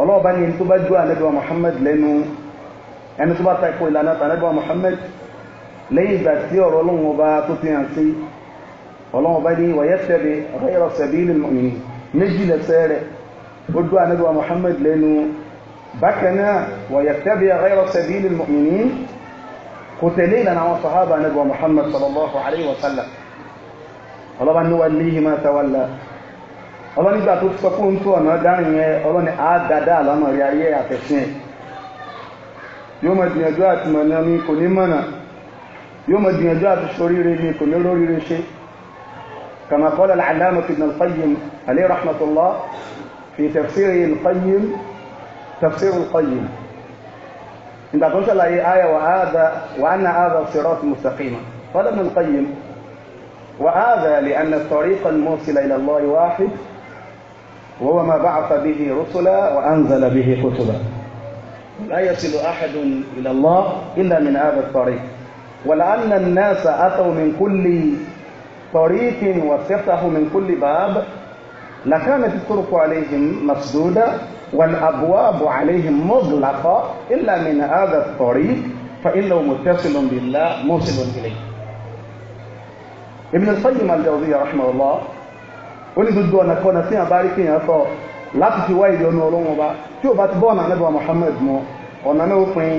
ọlọ́ọ̀bá ni tó bá jú ànẹ́bíwa Muhammad lẹ́nu ẹni tó bá taikó ìlànà ànẹ́bíwa Muhammad lẹ́yìn ìgbà tí ọ̀rọ̀ ọlọ́wọ́ bá tó fi hàn sí ọlọ́wọ́ bá ní wàyẹ́sẹ̀bẹ̀ ọ̀rẹ́yẹ̀rọ̀sẹ̀bí بكنا ويتبع غير سبيل المؤمنين قتلين انا وصحابه نبوة محمد صلى الله عليه وسلم الله بان نوال ما تولى الله نبا تتفقون تو انا داني الله نعاد دادا لما رياليه يتشين يوم الدنيا جوات من يميكو نمنا يوم الدنيا جوات الشرير يميكو نلوري ريشي كما قال العلامة ابن القيم عليه رحمة الله في تفسيره القيم تفسير القيم انت قلت لأي آية وهذا وأن هذا صراط مستقيما قال ابن القيم وهذا لأن الطريق الموصل إلى الله واحد وهو ما بعث به رسلا وأنزل به كتبا لا يصل أحد إلى الله إلا من هذا الطريق ولأن الناس أتوا من كل طريق وافتحوا من كل باب لكانت الطرق عليهم مسدودة والأبواب عليهم مغلقة إلا من هذا الطريق فإنه متصل بالله موصل إليه Ibn al-Qayyim al-Jawziyya rahimahullah ó ní gbogbo ọ̀nà kan tí yàn bá rí kéèyàn sọ láti fi wá ìdí ọ̀nà ọlọ́run ọba tí ó bá ti bọ́ ọ̀nà Ànábì wa Muhammad mu ọ̀nà náà ó pin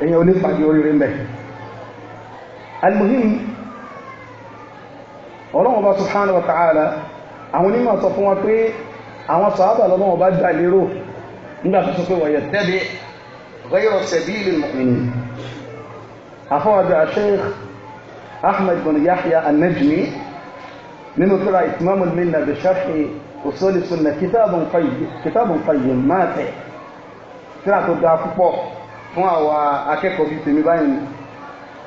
èèyàn onípàdé oríire mbẹ̀. al-muhim ọlọ́run ọba subhanahu wa ta'ala àwọn onímọ̀ sọ fún wa pé àwọn sàábà lọ́nà ọba gbà lérò nígbà tó sọ pé wọ̀nyẹ̀ tẹ́lẹ̀ rẹ́yọ̀ sẹ̀bílì mọ̀mìnì àfọwọ́dọ̀ Sheikh Ahmad bin Yahya an-Najmi nínú tíra ìtìmọ́mù minna bi sharhi usuli sunna kitabun qayyim kitabun qayyim máa tẹ̀ tíra tó ga púpọ̀ fún àwa akẹ́kọ̀ọ́ bíi tèmi báyìí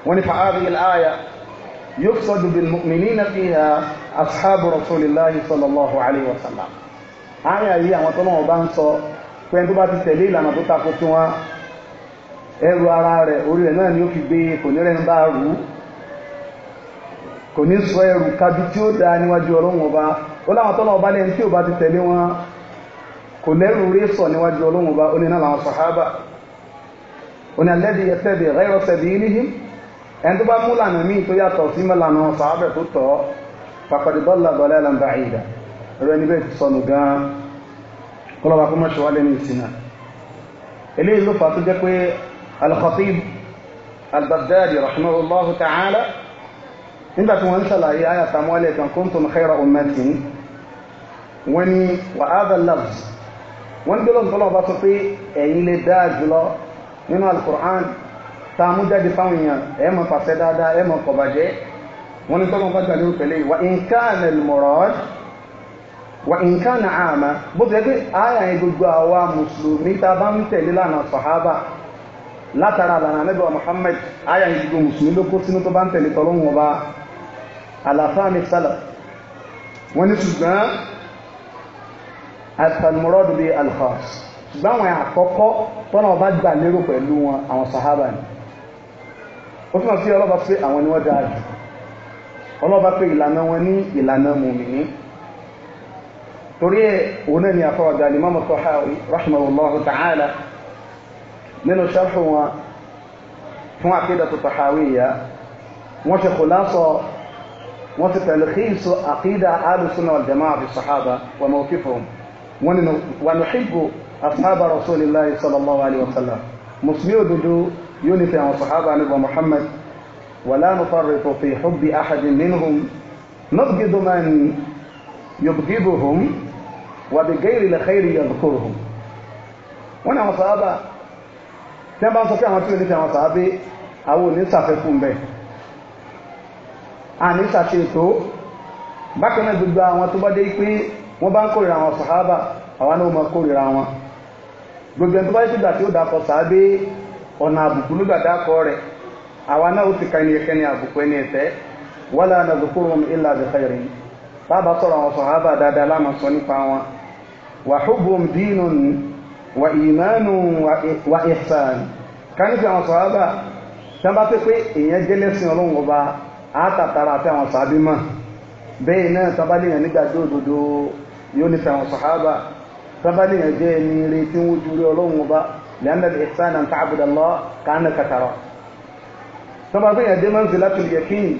wọ́n ní fa'áàbí al-aya yufsadu bil mu'minina fiha ashabu rasulillahi sallallahu alayhi wa sallam àárín ayé àwọn tó náà bá ń sọ pé tó bá ti tẹ̀lé ìlànà tó tako fún wa ẹrù ara rẹ̀ orí rẹ̀ náà ni ó fi gbé kò ní rẹ̀ ń bá rú kò ní sọ ẹrù kájú tí ó da níwájú ọlọ́run ọba ó láwọn tọ́lọ́ ọba lẹ́yìn tí ò bá ti tẹ̀lé wọn kò lẹ́rù rí sọ níwájú ọlọ́run ọba ó ní náà làwọn sàhábà ó ní ẹni ọ̀rọ̀ ẹni bẹ́ẹ̀ ti sọnù gan-an kọlọ́wà kó mọ́ṣọ́ wálé ní ìsìnà eléyìí ló fà tó jẹ́ pé al-Khatib al-Baghdadi rahimahullahu ta'ala nígbà tí wọ́n ń ṣàlàyé ayàtà mọ́lẹ̀ kan kuntum khayra ummatin wọ́n ni wà áàdà lafz wọ́n gbé lọ́nà tọ́lọ́ bá sọ pé ẹ̀yin lè dáa jùlọ nínú al-Qur'an mú jáde fáwọn èèyàn ẹ̀ mọ̀ pàṣẹ dáadáa ẹ̀ mọ̀ kọ̀bàjẹ́ wọ́n ní tọ́lọ́ bá gbà pẹ̀lẹ́ wa in kana wà nǹkan àmà bó ti yẹ pé àyà yẹn gbogbo àwa mùsùlùmí tá a bá ń tẹ̀lé lànà sàhábà látara lànà nígbà Muhammad àyà yẹn gbogbo mùsùlùmí ló kó sínú tó bá ń tẹ̀lé tọ́lọ́hún ọba àlàfáà mi sálà wọ́n ní ṣùgbọ́n àtàlùmọ́rọ́dù bíi alkhas ṣùgbọ́n àwọn àkọ́kọ́ tọ́nà ọba gbà lérò pẹ̀lú wọn àwọn sàhábà ni ó túnmọ̀ sí ọlọ́ba pé àwọn ni wọ́n dáa jù ọlọ́ba pé ìlànà wọn ní ìlànà mùmìnì torí òun ni àfọwọ́dà ni mọ́mọ́ Tahawi rahimahullahu ta'ala nínú ṣarhu wọn fún aqidatu Tahawiyya wọ́n ṣe khulasa wọ́n ti talkhis aqida ahlus sunna wal jama'a fi sahaba wa mawqifahum wọ́n nínú wa nuhibbu ashaba rasulillahi sallallahu alayhi wa sallam musulmi òdodo yóò nífẹ̀ẹ́ àwọn sahaba nígbà Muhammad wa la nufarritu fi hubbi ahadin minhum nubghidu man yubghiduhum wa bi ghairi al-khairi yadhkuruhum wọ́n ní àwọn sàábà tí wọ́n bá ń sọ pé àwọn tí wọ́n nífẹ̀ẹ́ àwọn sàábé àwọn òní sàfẹ́kùn bẹ́ẹ̀ àní sàṣètò bákan náà gbogbo àwọn tó bá dé pé wọ́n bá ń kórìíra àwọn sàábà àwọn náà mọ̀ kórìíra wọn gbogbo ẹni tó bá yẹ sígbà tí ó dàpọ̀ sàábé ọ̀nà àbùkù nígbà dákọ̀ rẹ̀ àwa náà ó ti ka ẹni ẹkẹni àbùkù ẹni ẹ̀tẹ́ wala nadhkuruhum illa bi khairin tábà sọ̀rọ̀ àwọn sọ̀hábà dáadáa láàmà sọ nípa wọn wà hubbum dínun wà ìmánun wà ihsan ká ní ti àwọn sọ̀hábà tí wọ́n bá pé pé èèyàn jẹ́lẹ́sìn ọlọ́run ọba àtàtàrà àti àwọn sàábí mọ̀ bẹ́ẹ̀ náà tábàlìyàn nígbàjọ́ òdodo yóò nífẹ̀ẹ́ àwọn sọ̀hábà tábàlìyàn jẹ́ ẹni retí wọ́n júrí ọlọ́run ọba لأن الإحسان أن تعبد الله كأنك تراه طبعا بين دي منزلة اليقين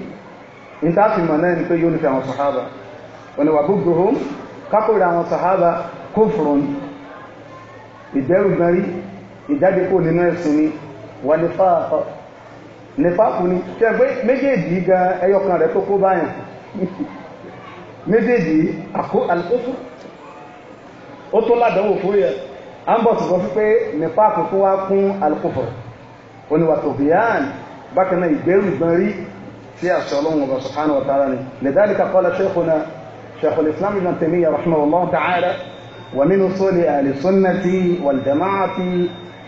انت عارف المعنى ان يونس يا صحابه wọn ni wà búgbò hóm kákòrò àwọn sàhábà kófùrún ìdẹ́rùgbọ́n rí ìjáde kó nínú ẹ̀sìn ni wà nífàáfà nífàáfù ni tẹ́ pé méjèèjì gan ẹyọkan rẹ̀ tó kó báyàn méjèèjì àkó àlùkófù ó tó ládánwò fún yẹ a ń bọ̀ sọ̀rọ̀ pé nífàáfù tó wá kún àlùkófù oníwàtòbíyàn bákan náà ìgbẹ́rùgbọ́n rí sí àṣọ ọlọ́run ọba subhanahu wa ta'ala ni lidhalika qala shaykhuna شيخ الإسلام ابن تيمية رحمه الله تعالى ومن أصول أهل السنة والجماعة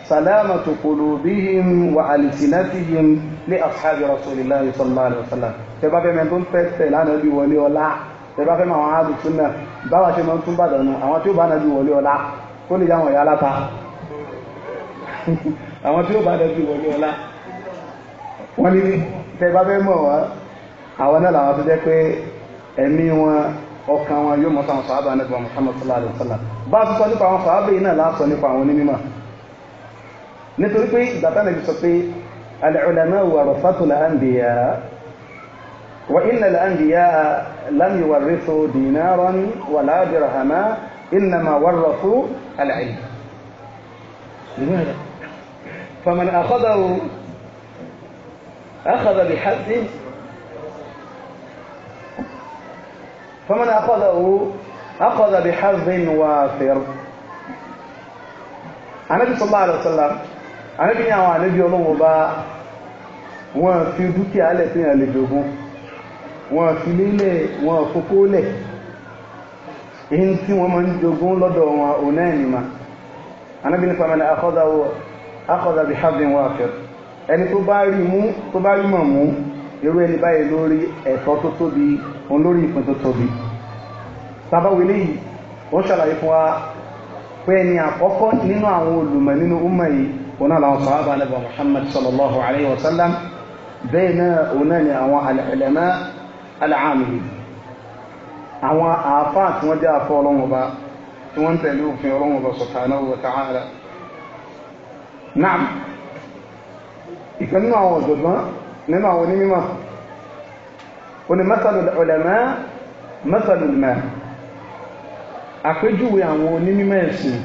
سلامة قلوبهم وألسنتهم لأصحاب رسول الله صلى الله عليه وسلم tẹ́bá fẹ́ mẹ́tún pẹ́sẹ̀ lánàá bí wọlé ọlá tẹ́bá fẹ́ máa wọn á dùn súnà báwa ṣe máa ń tún bàdàn nù àwọn tí ó bá náà bí wọlé ọlá kó lè jáwọn ìyá aláta àwọn tí ó bá náà bí wọlé ọlá wọ́n ní tẹ́bá fẹ́ mọ̀ wá àwọn náà làwọn tó jẹ́ pé ẹ̀mí wọn ọkàn wọn yóò mọ sáwọn sàábà nípa Muhammad sallallahu alaihi wasallam bá a sọ nípa àwọn sàábà yìí náà láàsọ nípa àwọn onímọ̀ nítorí pé ìgbà tá nàbí sọ pé al-ulama warathatul anbiya wa inna al-anbiya lam yuwarrithu dinaran wala dirhama innama warrathu al-ilm. لماذا؟ فمن أخذه أخذ بحده فمن أخذه أخذ بحظ وافر النبي صلى الله عليه وسلم النبي يا النبي Ọlọ́run Ọba wọ́n fi dúkìá lẹ̀ fi hàn lè dogun wọ́n fi lélẹ̀ wọ́n fokó lẹ̀ èyí tí wọ́n máa ń dogun lọ́dọ̀ wọn ò náà ní ma anábì nípa mẹ́lẹ̀ akọ́dà bí hafdin wà fẹ́ ẹni tó bá rí mú tó bá rí mọ̀ mú irú ẹni báyìí lórí ẹ̀tọ́ tó tóbi òun lórí ìpín tó tóbi sábàwílé yìí ó ṣàlàyé fún wa pé ẹni àkọ́kọ́ nínú àwọn olùmọ̀ nínú umma yìí òun náà làwọn sàhábà nàbà Muhammad sallallahu alayhi wa sallam bẹ́ẹ̀ náà òun náà ni àwọn al-ulama al-amili àwọn àáfàá tí wọ́n jẹ́ àfọ́ ọlọ́run tí wọ́n tẹ̀lé òfin ọlọ́run ọba wa ta'ala naam ìkan nínú àwọn ọ̀jọ̀gbọ́n nínú àwọn onímọ̀ ó ní masalul ulama masalul ma àpéjúwe àwọn onímọ̀ ẹ̀sìn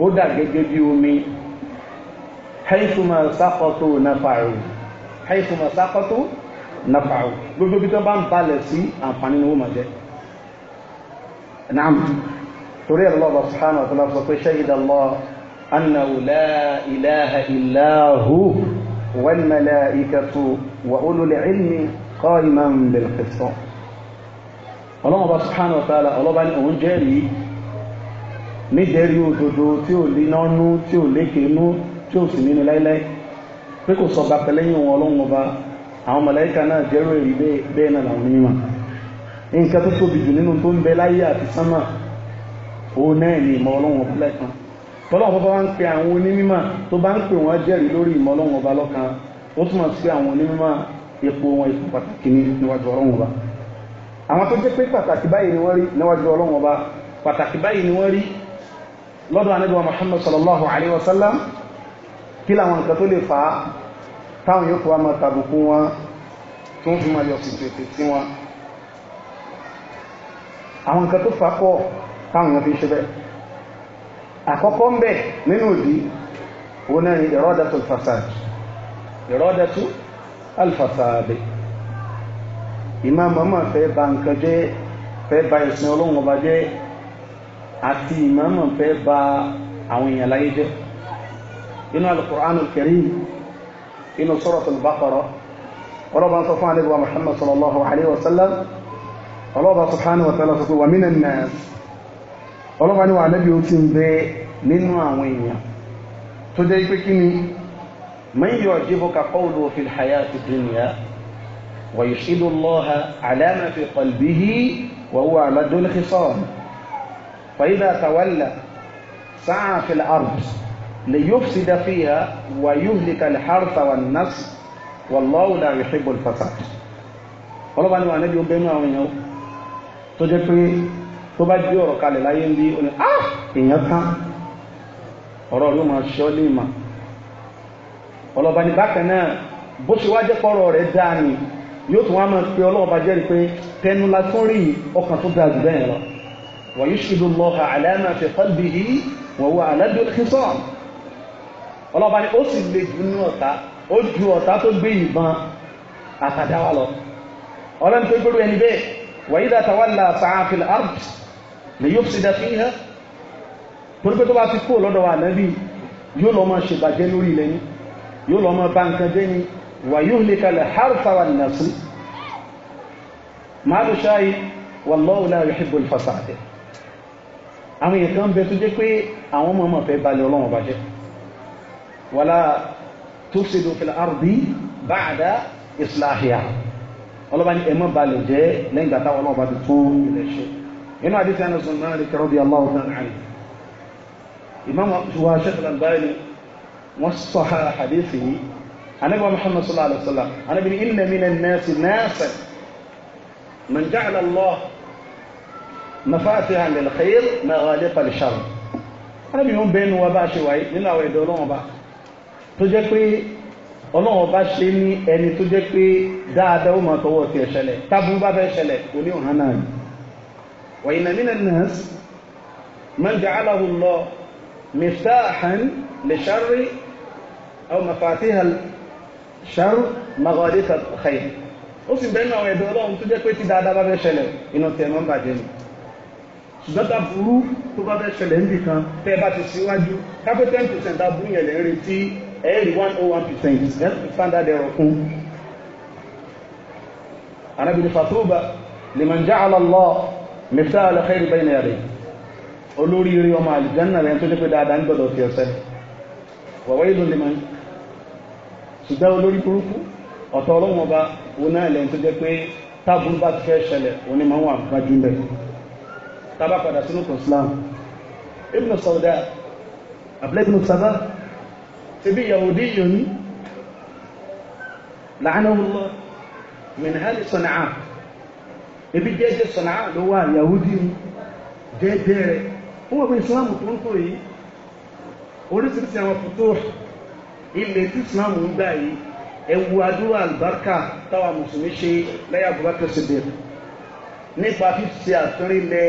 ó dà gẹ́gẹ́ bí omi haythuma saqatu nafa'u haythuma saqatu nafa'u gbogbo bí tó bá ń balẹ̀ sí àǹfààní ni wọ́n máa jẹ́ naam torí ẹ̀rọ lọ́wọ́ subhanahu wa ta'ala sọ pé shahida Allah annahu la ilaha illa hu wal malaikatu wa ulul ilmi qa'iman bil qist ọlọ́mọba subhanahu wa ta'ala ọlọ́ba ní òun jẹ́rìí níjẹ́rìí òdodo tí ò línánú tí ò lékenú tí ò sì nínú láíláí pé kò sọ bàtẹ lẹ́yìn òun ọlọ́mọba àwọn màláíkà náà jẹ́rò èrí bẹ́ẹ̀ náà làwọn onímọ̀ nǹkan tó tóbi jù nínú tó ń bẹ láyé àti sánmà òun náà ni ìmọ̀ ọlọ́run ọba lẹ́kan tọ́lọ́wọ́ bàbá ń pe àwọn onímọ̀ tó bá ń pè wọ́n jẹ́rìí lórí ìmọ̀ ọlọ́run ọba lọ́kan ó túmọ̀ sí àwọn onímọ̀ epo wọn epo pàtàkì ní níwájú ọlọ́run ọba àwọn tó jẹ́ pé pàtàkì báyìí ni wọ́n rí níwájú ọlọ́run ọba pàtàkì báyìí ni wọ́n rí lọ́dọ̀ anábíwá muhammad sallallahu alayhi wa sallam kí làwọn nǹkan tó lè fà á táwọn yóò kó wa máa tàbùkù wọn tó ń fi máa yọ fìfèfè sí wọn àwọn nǹkan tó fà pọ̀ táwọn èèyàn fi ṣe bẹ́ẹ̀ àkọ́kọ́ ń bẹ̀ nínú ìdí wọn náà ni ìrọ́dàtú fasad ìrọ́dàtú alifasade ìmáa màmá fẹ́ ba nǹkan jẹ́ fẹ́ ba ẹ̀sìn ọlọ́run ọba jẹ́ àti ìmáa màmá fẹ́ ba àwọn èèyàn láyé jẹ́ inú alukur'an karim inú suratul baqara ọlọ́ba sọ fún alẹ́gbẹ̀wá muhammad sallallahu alayhi wa sallam ọlọ́ba subhanahu wa ta'ala sọ wa minan nas ọlọ́ba ni wà lẹ́bi ó ti ń bẹ nínú àwọn èèyàn tó jẹ́ pé kí من يعجبك قوله في الحياة الدنيا ويشهد الله على ما في قلبه وهو مد الخصام فإذا تولى سعى في الأرض ليفسد فيها ويهلك الحرث والنسل والله لا يحب الفساد ọlọ́ba ni wà níbi obìnrin náà àwọn èèyàn tó jẹ́ pé tó bá gbé ọ̀rọ̀ kalẹ̀ láyé ń bí ó ní ah èèyàn tán ọ̀rọ̀ máa ṣọ́ ní ìmọ̀ ọlọ́ba ní bákan náà bó ṣe wá jẹ́ pọ́rọ̀ rẹ̀ dáa ni yóò tún wá máa pe ọlọ́ba jẹ́rìí pé tẹnu la tún rí ọkàn tó dáa jù bẹ́ẹ̀ lọ wa yushhidu Allaha ala ma fi qalbihi wa huwa aladdu al-khisam ọlọ́ba ní ó sì le jù ní ọ̀tá ó ju ọ̀tá tó gbé ìbọn àtàdáwà lọ ọlọ́ni tó gbèrú ẹni bẹ́ẹ̀ wa idha tawalla sa'a fil ard li yufsida fiha torí pé tó bá ti kú ọlọ́dọ̀ wa nàbí yóò lọ́ máa ṣèbàjẹ́ lórí ilẹ̀ yìí yóò lọ mọ́ bá nǹkan jẹ́ ni wà yóò lè kalẹ̀ harfa wà nàṣú máàlù ṣáyé wallahu la yuhibbul fasad àwọn èèyàn kan bẹ tó jẹ́ pé àwọn ọmọ ọmọ fẹ́ balẹ̀ ọlọ́run bàjẹ́ wala tufsidu fil ardi ba'da islahiha ọlọ́ba ní ẹ̀mọ́ balẹ̀ jẹ́ lẹ́yìn gbàtà ọlọ́ba ti tún ilẹ̀ ṣe inú àdìsí Anas bin Malik radiyallahu ta'ala anhu ìmáàmù wa Shaykh al-Albani wọ́n sọ ha hadith yìí anabi muhammad sallallahu alaihi wa sallam anabi ni inna mina nasi nasa man jacala allah mafatiha lil khayr maghaliqa lil shar anabi yóò bẹ́ẹ̀ nu wa bá a ṣe wáyé nínú àwọn ẹ̀dọ́ ọlọ́wọ́n bá tó jẹ́ pé ọlọ́wọ́n bá ṣe ní ẹni tó jẹ́ pé dáadáa ó máa tọwọ́ tiẹ̀ ṣẹlẹ̀ tábù bá fẹ́ ṣẹlẹ̀ òní ọ̀hán náà ni wa inna mina nasi man ja'alahu allah miftahan li sharri أو مفاتيح الشر مغاليث الخير ó sì bẹ́ẹ̀ náà ẹ̀dùn ọlọ́run tó jẹ́ pé tí dáadáa bá fẹ́ ṣẹlẹ̀ iná tiẹ̀ máa ń bàjẹ́ ni ṣùgbọ́n tá burú tó bá fẹ́ ṣẹlẹ̀ níbì kan tẹ́ ẹ bá ti síwájú kápẹ́ ten percent tá burú yẹn lè ń retí ẹ̀ẹ́rì one oh one percent ẹ̀ standard ẹ̀rọ kún. arábìnrin fatuba liman ja'ala Allah mẹ́fẹ́ alẹ́kẹ́rì bẹ́ẹ̀ ni ẹ̀rẹ́ olóríire ọmọ àlùjánná rẹ̀ tó jẹ́ pé dáadáa ń gbọ́dọ̀ ṣùgbọ́n olórí burúkú ọ̀tọ̀ ọlọ́run ọba òun náà tó jẹ́ pé táàbù bá ti fẹ́ ṣẹlẹ̀ òun máa ń wà gbájú mẹ́ tábà padà sínú Islam Saba min hali Sana'a ebi jẹ́jẹ́ Sana'a ló wà Yahudi jẹ́jẹ́ rẹ̀ fún Islam tó ń yìí oríṣiríṣi ilẹ̀ tí islam ń gbà yìí ẹ̀wù àdúrà àlùbáríkà táwa mùsùlùmí ṣe lẹ́yìn Abubakar Siddiq nípa fífi àtúrí lẹ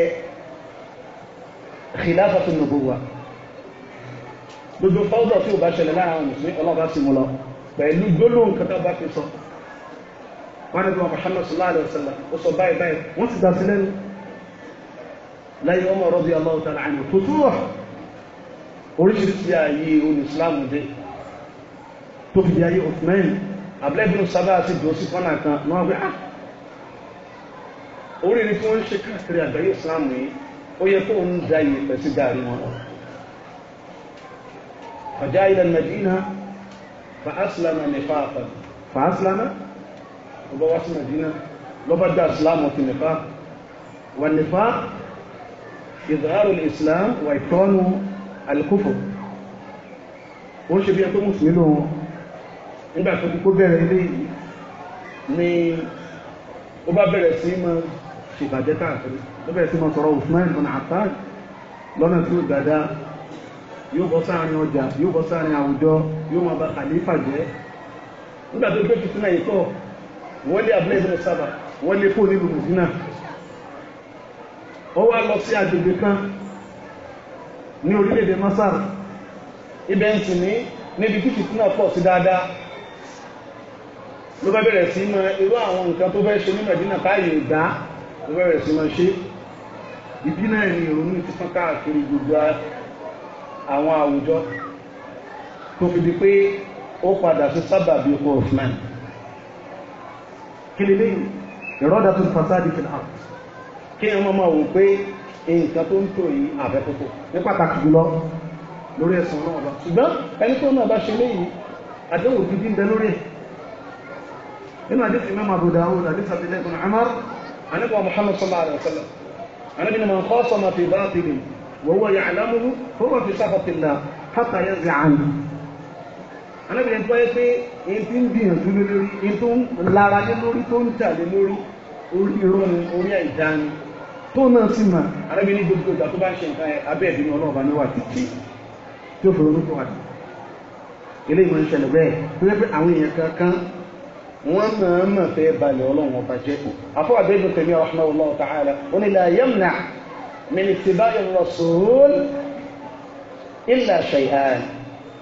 khilafatu nubuwa gbogbo fọ́dọ̀ tí ò bá ṣẹlẹ̀ láàrin mùsùlùmí ọlọ́ba sì mú lọ pẹ̀lú gbólóhùn kan tó fi sọ wọn ni bí wọn Muhammad sallallahu alaihi wa sallam ó sọ báyìí báyìí wọn ti dà sí lẹ́nu lẹ́yìn Umar radiyallahu ta'ala anhu tó túwọ̀ oríṣiríṣi ààyè onísìlámù dé tó fi di ayé Uthman abúlẹ́bìnú sábà ti dùn sí kọ́nà kan ní wọ́n gbé ah oríire tí wọ́n ń ṣe káàkiri àgbáyé Islam yìí ó yẹ kó ń da ìyẹ̀pẹ̀ sí gàrí wọn. ọjà ilẹ̀ Madina fa asilama nípa àpà fa asilama ọba wá sí Madina lọ́ba dá Islam ọ̀tún nípa wà nípa ìdáhàrò Islam wà ìtọ́nu alikófò ó ṣe bí ẹgbẹ́ mùsùlùmí lóhun nígbà tó kó bẹ̀rẹ̀ ilé yìí ni ó bá bẹ̀rẹ̀ sí máa ṣe ìbàjẹ́ káàkiri ó bẹ̀rẹ̀ sí máa sọ̀rọ̀ Usman ibn Affan lọ́nà tí ó dada yóò bọ́ sáàrin ọjà yóò bọ́ sáàrin àwùjọ yóò máa bá khalifa jẹ́ nígbà tó gbé fìtínà yìí kọ́ wọ́n lé abúlé ìbẹ̀rẹ̀ sábà wọ́n lé fóònù ìlú mùsùlùmí ó wá lọ sí agbègbè kan ní orílẹ̀-èdè Masar ibẹ̀ ń sìn ní níbi tí fìtínà pọ̀ sí dáadáa ló bá bẹ̀rẹ̀ sí mọ irú àwọn nǹkan tó fẹ́ ṣe ní Mẹ̀dínà káyè ìdá ló bẹ̀rẹ̀ sí mọ ṣe ibi náà ni ìrònú ti fọ́n káàkiri gbogbo àwọn àwùjọ tó fi di pé ó padà sí sábàbí ọkọ̀ òfin kí lélẹ́yìn ìrọ́dà tó fasádì fi hàn kí ẹ mọ́ máa wò pé nǹkan tó ń tò yìí àfẹ́kókò ní pàtàkì jùlọ lórí ẹ̀sùn náà bá ṣùgbọ́n ẹni tó náà bá ṣe léyìí àdéhùn gidi ń bẹ lórí ẹ̀ nínú àdìsí mẹ́mọ́ Abu Dawud àdìsí Abdullahi ibn Umar àníkò Muhammad sallallahu alayhi wa sallam àníbi ni man khasama fi batilin wa huwa ya'lamuhu huwa fi sakhatillah hatta yanzi'a anhu. àníbi ni tó yẹ pé èyí ti ń gbìyànjú lórí èyí tó ń lara lé lórí tó ń tàlé lórí orí irọ́ ni orí àìdá ni tó náà sì mà àníbi ni gbogbo ìgbà tó bá ń ṣe nǹkan abẹ́ ìbínú ọlọ́ọ̀bá níwà títí tí ó fòrò orúkọ wà eléyìí máa ń ṣẹlẹ̀ bẹ́ẹ̀ tó yẹ pé àwọn èèyàn kankan wọ́n máa ma fẹ́ balẹ̀ ọlọ́run ọba jẹ́ kù afọ abẹ́bí tẹ̀mí rahmanullah ta'ala wọn ilà yamna min ittiba'i rasul illa shay'an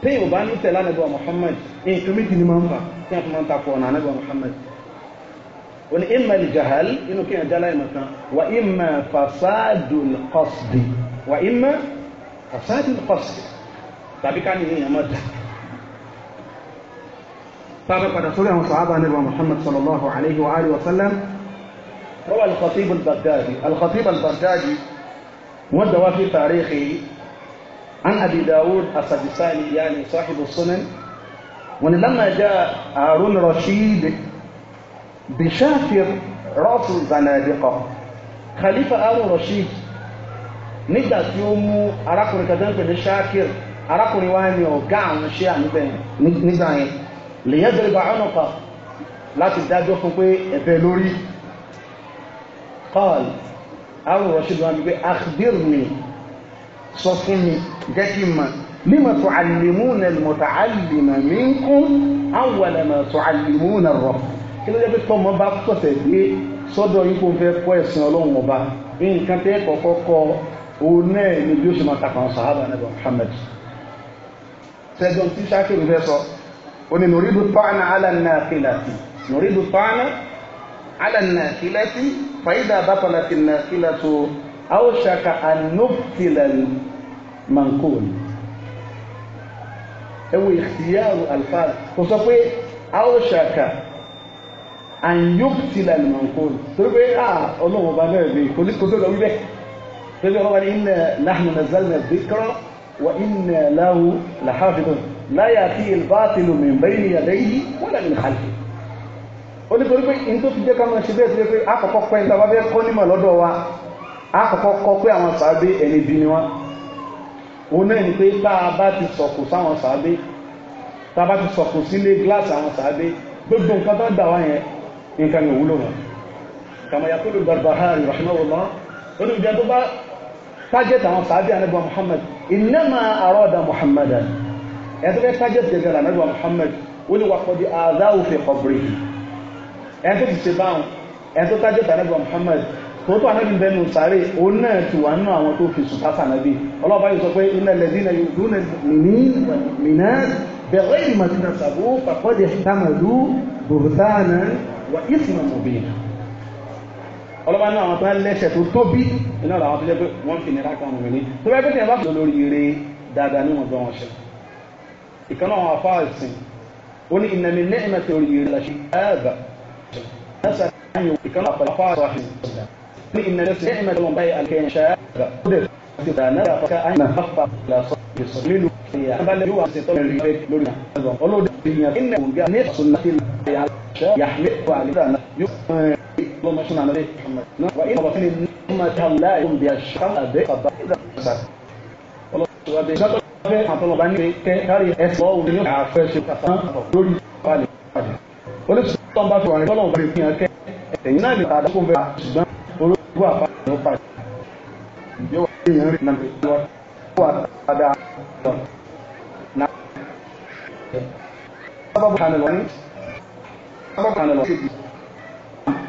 téèyàn bá ní tẹ̀lé anabi wa muhammad nǹkan méjì ni máa ń fà tí a fi máa ń takò ọ̀nà anabi wa muhammad wọn imma al inú kí n jala ìmọ̀ kan wa imma fasadul qasdi wa imma fasadul qasdi tàbí ká ní ìyẹn dà. سبق رسوله وصحابه نبي محمد صلى الله عليه وآله وسلم روى الخطيب البغدادي الخطيب البغدادي ودوا في تاريخه عن أبي داود السجساني يعني صاحب السنن ولما جاء هارون رشيد بشافر رأس الزنادقة خليفة هارون رشيد ندى يوم اراكم mú arákùnrin اراكم tó ń pè ní ṣáàkìr lèyàn jẹ́ ìgbà ọ̀nà kan láti dájọ́ fún pé ẹ̀bẹ̀ lórí paul arun rashid wọn wípé akhbir mi sọ fún mi jẹ́ kí n mọ̀ lima tu'allimuna al-muta'allima minkum awwala ma tu'allimuna ar-rab kí ló jẹ́ pé tọ́mọ bá pọ̀sẹ̀ pé sọ́dọ̀ yín kò fẹ́ kọ́ ẹ̀sìn ọlọ́run ọba nǹkan tẹ́ kọ́kọ́ kọ́ òun náà ni bí ó ṣe máa takàn sàhábà nàbà Muhammad sẹ́gbọ́n tí sákìrì fẹ́ sọ قلنا نريد الطعن على النافلة نريد الطعن على النافلة فإذا بطلت النافلة أوشك أن نبطل المنقول هو اختيار الفاظ وصفه أوشك أن يبطل المنقول تقول إيه آه الله ما كل كتير قوي بيه تقول إن نحن نزلنا الذكر وإن له لحافظون لا يأتي الباطل من بين يديه ولا من min khalfihi ó ní torí pé in tó fi jẹ́ ká máa ṣe bẹ́ẹ̀ sí pé àkọ́kọ́ pẹ́ nígbà wábẹ́ kọ́ nímọ̀ lọ́dọ̀ wa àkọ́kọ́ kọ́ pé àwọn sàábé ẹni bí ni wọ́n òun náà ni pé tá a bá ti sọ̀kù sáwọn sàábé tá a bá ti sọ̀kù sílé gíláàsì àwọn sàábé gbogbo nǹkan tó ń dà wá yẹn nǹkan ní òwúlò wọn kama yaqulu Barbahari rahimahullah ó ní ìjẹun tó bá tájẹ́tì àwọn sàábé ànábì ẹ̀tọ́ fẹ́ tájẹ̀tì gẹ̀gẹ̀ rà mẹ́wàá Muhammad ó ní wàá kọ́dí àdáwò fi kọ̀bìrì ẹ̀tọ́ ti ṣe báwọn ẹ̀tọ́ tájẹ̀tì mẹ́wàá Muhammad tòótọ́ anábì bẹnu sáré òun náà ti wà nínú àwọn tó fi sùn káfà nábì ọlọ́ọ̀bá yóò sọ pé iná lẹ́dí náà yóò dún mìíràn bẹ̀rẹ̀ ìmọ̀ tí na sàbó pàkọ́dé tàmàlú bòtánà wà ìsìnà mọ̀bí ọlọ́ba náà àwọn tó ń lẹ́sẹ̀ tó tóbi iná làwọn tó jẹ́ pé wọ́n fi nira kan mọ̀mí tó bá pẹ́ tẹ̀ bá fi lórí ire dáadáa níwọ̀n bá wọn ṣe كان عفاسي قل ان من نعمه الرجال هذا حسن ان كان عفاسي قل ان نفس نعمه لهم بيع الكين شاب قدر فانا فكا ان خفف لا صدق يصلي في بل هو سيطر البيت لنا قل الدنيا ان من جاء نفس النبي يحمق على ان يقوم مشنا عليه محمد وان وكل ما تهم لا يوم بيشقى ده قد اذا والله سؤال fẹ́ àtọ́lọ́ba ní kẹ́ kárí ẹsẹ̀ ọ̀hún ní àfẹ́ ṣe kàtàn lórí balẹ̀ balẹ̀ olùsọ̀rọ̀ tó ń bá fi wà ní tọ́lọ́wọ́ bá fi hàn kẹ́ ẹ̀yìn náà lè ta àdókò fẹ́ ṣùgbọ́n olóògbé àpáyé ló pàṣẹ. yóò wá sí ìyẹn rí nàbí wọn kó wà dáadáa lọ. sábàbù kan lọ ní sábàbù kan lọ sí ibi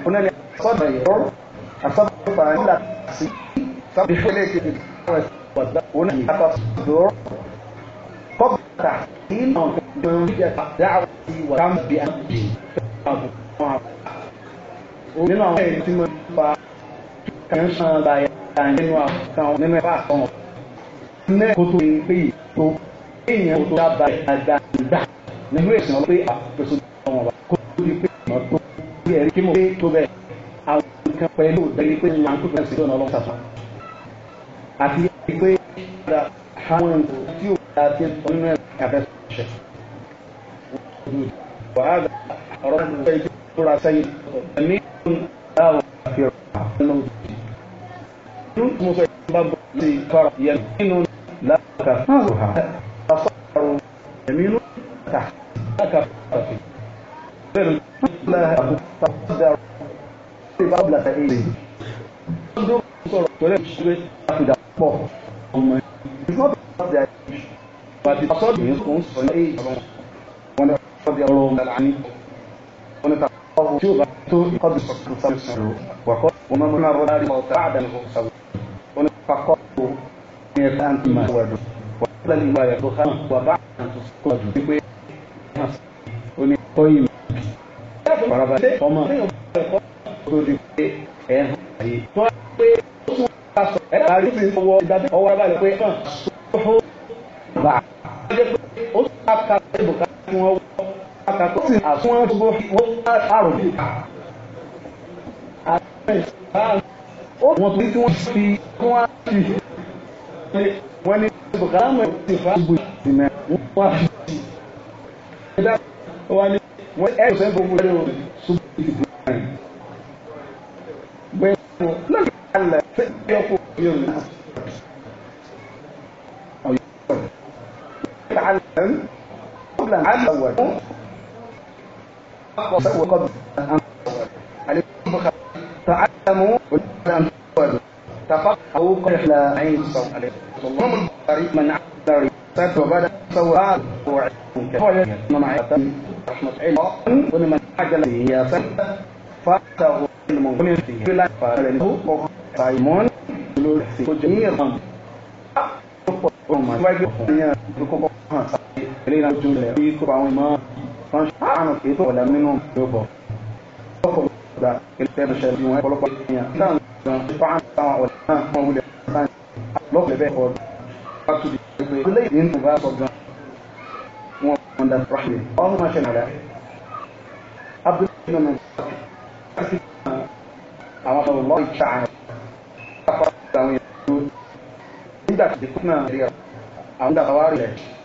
ọ̀nà ni àsọ̀dọ̀ ìrọ̀ àsọ̀dọ̀ fàáyé láti sí sábàbù kan lè ṣe ìdí àwọn ẹ̀sìn ọ̀dà òun náà قبل تعطيل منجد دعوتي وكم بأنبي nínú àwọn ẹ̀yìn tí mo fa kàn sàn láyé nínú àwọn nínú ẹ̀fà kan ní ẹ̀kọ́ tó ń pè tó èèyàn tó dábàá àgbà ìgbà nínú ẹ̀sìn wọn pé àpèsè ọmọ wa kó tó di pé ìmọ̀ tó bí ẹ̀rí kí mo pé tó bẹ̀ àwọn nǹkan pẹ̀lú òdẹ́rí pé ńlá tó fẹ́ sí ọ̀nà ọlọ́sàtà àti pé àwọn nǹkan àti nínú àfẹsọ̀ṣẹ̀. wàhálà ọ̀rọ̀ ní ọjọ́ ìjọba ìtura sẹ́yìn ẹ̀mí ìlú aláwọ̀ àfihàn nínú ìlú mo sọ ìjọba bọ̀ sí kọ́ra yẹn nínú láàkà fáwọn ha afárò ẹ̀mí ìlú ta láàkà fàfi. bẹ́ẹ̀ ló ń lọ àbúkọ́ dára ṣé bá bùlà tẹ̀lé yìí. ọdún sọ̀rọ̀ tọ́lẹ̀ ṣe é àfidàpọ̀ ọmọ ìfọ̀tọ̀ àti àyè pàtí sọ́dọ̀ yìí kò ń sọ ní èyí ọ̀rọ̀ wọn ní ọ̀dọ̀ ọ̀rọ̀ wọn lẹ́la ní wọn ní ta ọ̀rọ̀ tí ó bá tó ìkọ́dù sọ̀tún sọ̀rọ̀ sọ̀rọ̀ wàkọ́ wọn máa múná rọ́ dárí ọ̀tá àdánù sọ̀rọ̀ wọn ní pakọ́ tó ní ẹ̀ka àǹtí máa wà dùn wọn lẹ́nu ìgbà yẹn tó hàn wà bá àǹtí tó dùn pé ó ní kọ́yìn ọ̀rọ̀ bá jẹ́ pé ó tún bá ka ṣe bùkátà tí wọ́n wọ́ bàtà tó sì àsúnwọ́n tó wọ́n bá àrùn bí ká. ó wọ́n tó ní kí wọ́n fi kí wọ́n wọ́n ní bùkátà mọ̀ sí fa gbogbo ìsìnà wọ́n wá fi sí. ẹ̀dá wa ni wọ́n ẹ̀ ṣẹ́ gbogbo ẹ̀rọ ṣùgbọ́n ìdìbò náà. bẹ́ẹ̀ ni wọ́n lọ́kàn kalẹ̀ fẹ́ bí ọkọ̀ yóò تعلم قبل أن أول وقبل أن عليكم بخير تعلموا قبل أن تولوا تفقهوا قبل عين الصوم عليكم الله البخاري من عبد الرسالة وبدأ سواء وعلمك ومعية رحمة الله ومن عجل هي سنة فاته المنقل فيه لا فلنه صايمون لنفسه جميعا وقال hàn sáré eléyìí náà tún lẹ̀ bí kó àwọn ìmọ̀ tán ṣàánú kì í tó wọ̀lẹ̀ nínú ìlú bọ̀. ọ̀pọ̀ ìgbà ilé ẹ̀rọ ṣẹlẹ̀ bí wọ́n ọ̀pọ̀lọpọ̀ ènìyàn náà gan fáwọn àwọn ọ̀lẹ̀ náà wọ́n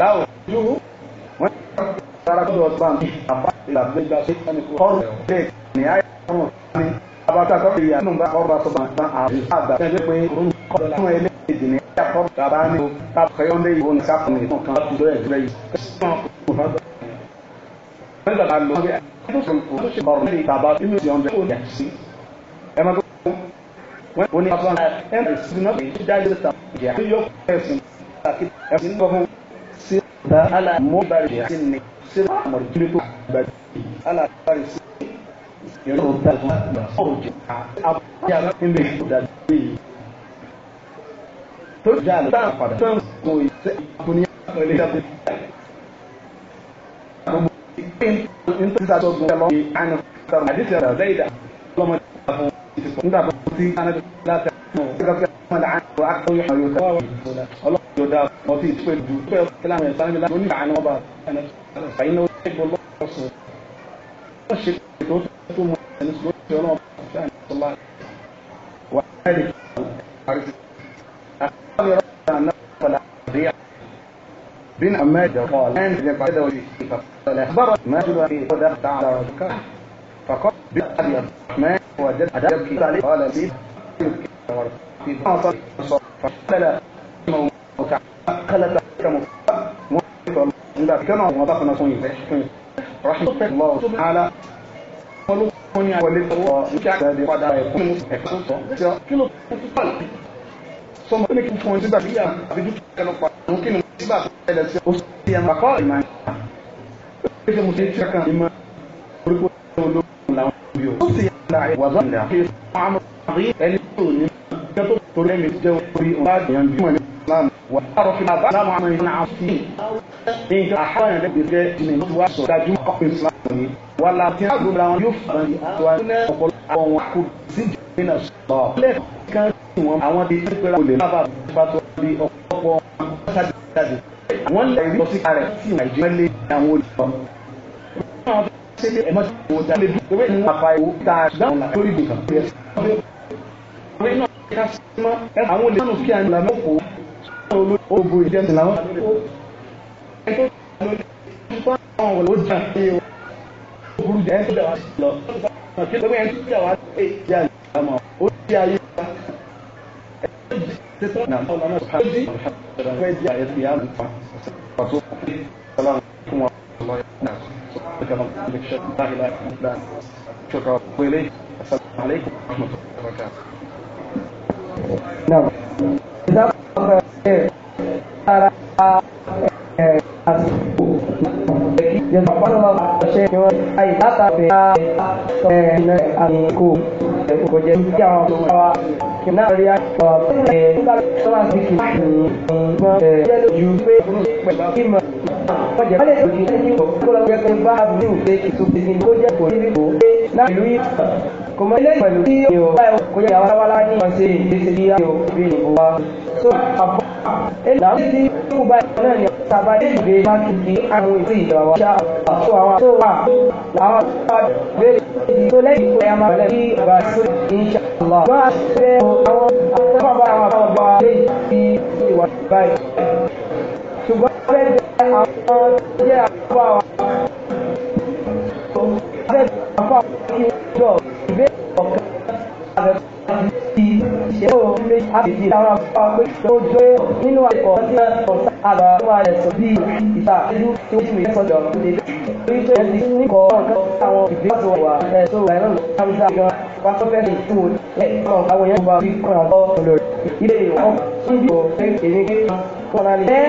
báwo ló wọ́n rárá gbọ́dọ̀ ọgbà mi àbá ìlàgbẹ́gbà ṣe ní ọrùn bẹ́ẹ̀ ní ayé ọrùn ní abata tó fi yàtọ̀ nígbà ọrùn àti ọba nígbà àwọn àgbà tẹ́ pé orun kọ́ fún eléyìí ní ayé tàbá ní o tàbá kẹyọ́ ní ìwọ ní sáfún ní ìtàn kan tó yẹ kúrẹ́ yìí. nígbà a lọ sí ọrùn ní tàbá inú ìdí ọ̀dẹ́ ó ní ẹ̀sìn ẹ̀ máa tó wọ́n ní abúlé ẹ̀ ẹ̀ sì náà kì da ala mobari da sinne sai da amur jini to ala bari su yaro da kuma da sauki a ya ga in bai da bi to ja da fada san ko sai kun ya kale da in in ta so go lo an ta hadisi da zaida kuma nígbà tó ti kánà láti àwọn ọ̀gá fẹ́ wọn làánà wọn akọ yóò yóò dá wọn ọlọ́run yóò dá wọn ti ìtúpẹ́ ju pẹ́ kíláàmù ẹ̀ sáyẹn láti oníkà àná wọn bá ẹnẹ fàyín náà ó ṣe gbọ́ lọ́sùn wọ́n ṣe tó tó mọ ẹni tó ṣe ọlọ́run fẹ́ àná sọlá wà á lè kí àkọ́bí rọ́ọ̀dà náà fọlá rí à بن عماد قال أنت قد وجهك فقال أخبرت ما جرى في قدرت على ركعه فقال بأبي الرحمن ودل أدبك عليه قال لي في حصل فقال لا موت قلت عند كما وضعنا صوين رحمة الله تعالى ولكن ولد الله يجعل قد يكون مستحقا كل ثم لك فون سبب يا بدو كانوا ممكن سبب الى سبب يا مقال ما كيف متشكا olóògùn làwọn ibi o. ó sì yà láàyè wà bá nà kí àmọ́ àrí ẹni tó ní jẹ́ tó torí ẹni jẹ́ orí ọba àdìyàn bí wọ́n ní islam wà á rọ̀ fi bá láwọn àmọ́ ìlànà àfihàn. nǹkan àhárọ̀ yẹn lẹ́gbẹ̀ẹ́ fẹ́ jìnnà ìlú wa sọ̀rọ̀ dájú mọ́ ọ̀pẹ̀ islam ní. wà á láti àgbo ra wọn yóò fà ní àtọ́wá ọ̀pọ̀lọpọ̀ wọn kò sí jìnnà sọ̀rọ̀. lẹ́ẹ̀kan tí wọ́n àwọn ti ṣe pẹ́ra olè lábàá bá tó di ọ̀pọ̀lọpọ̀ wọn wọ́n lè rí ọtí kárẹ̀ tí wọ́n lè àwọn olùkọ́ sebe ẹ ma ṣe kò da lebi ewé ní wàá fa ewu tá a dáhùn la lórí ìgbìkan yẹ. ọ̀rẹ́ náà ká sí mọ́ ẹ àwọn olè sánú kí a nílò àmọ́ kò olóògbé ìjẹun ti làwọn. ẹ tó fún àwọn ọ̀rọ̀ ó jà o ewu ó burú jẹ ẹ tó dà wá sí lọ. kí ló ń tó dà wá sí ìyá ìyá mọ́ ó ti ayé wa. ẹ tó di sísọ náà ọ̀nà náà ká di ọ̀rọ̀ ẹ̀ di àyẹ̀fẹ̀ yà lù pa. pàtó بك ربك لا اله الا انت شكرا اليك السلام عليكم ورحمه الله وبركاته نعم اذا Ìjọba ọjà wálé ìgbòjì so àbọ̀ èlànà tí àwọn jẹ́ àpá wa. Àbẹ̀bẹ̀ àpá kí jọ ìbé ọ̀kan àbẹ̀bẹ̀ ti ṣe ó lé àbèjì àwọn àpá pé ó jọ nínú àkọ́ tí wọ́n sọ àgbà wà ẹ̀sọ́ bíi ìta ìlú tí ó sì mí sọ̀dọ̀ lè rí tó yẹ ti ní kọ́ ọ̀kan àwọn ìbí wà tó wà ẹ̀sọ́ ìgbà náà kámsá gan pásọ́fẹ́ lè tún wọn lẹ̀ àwọn yẹn bá wí kọ́ ọ̀kan lórí ilé ìwọ̀n níbi ò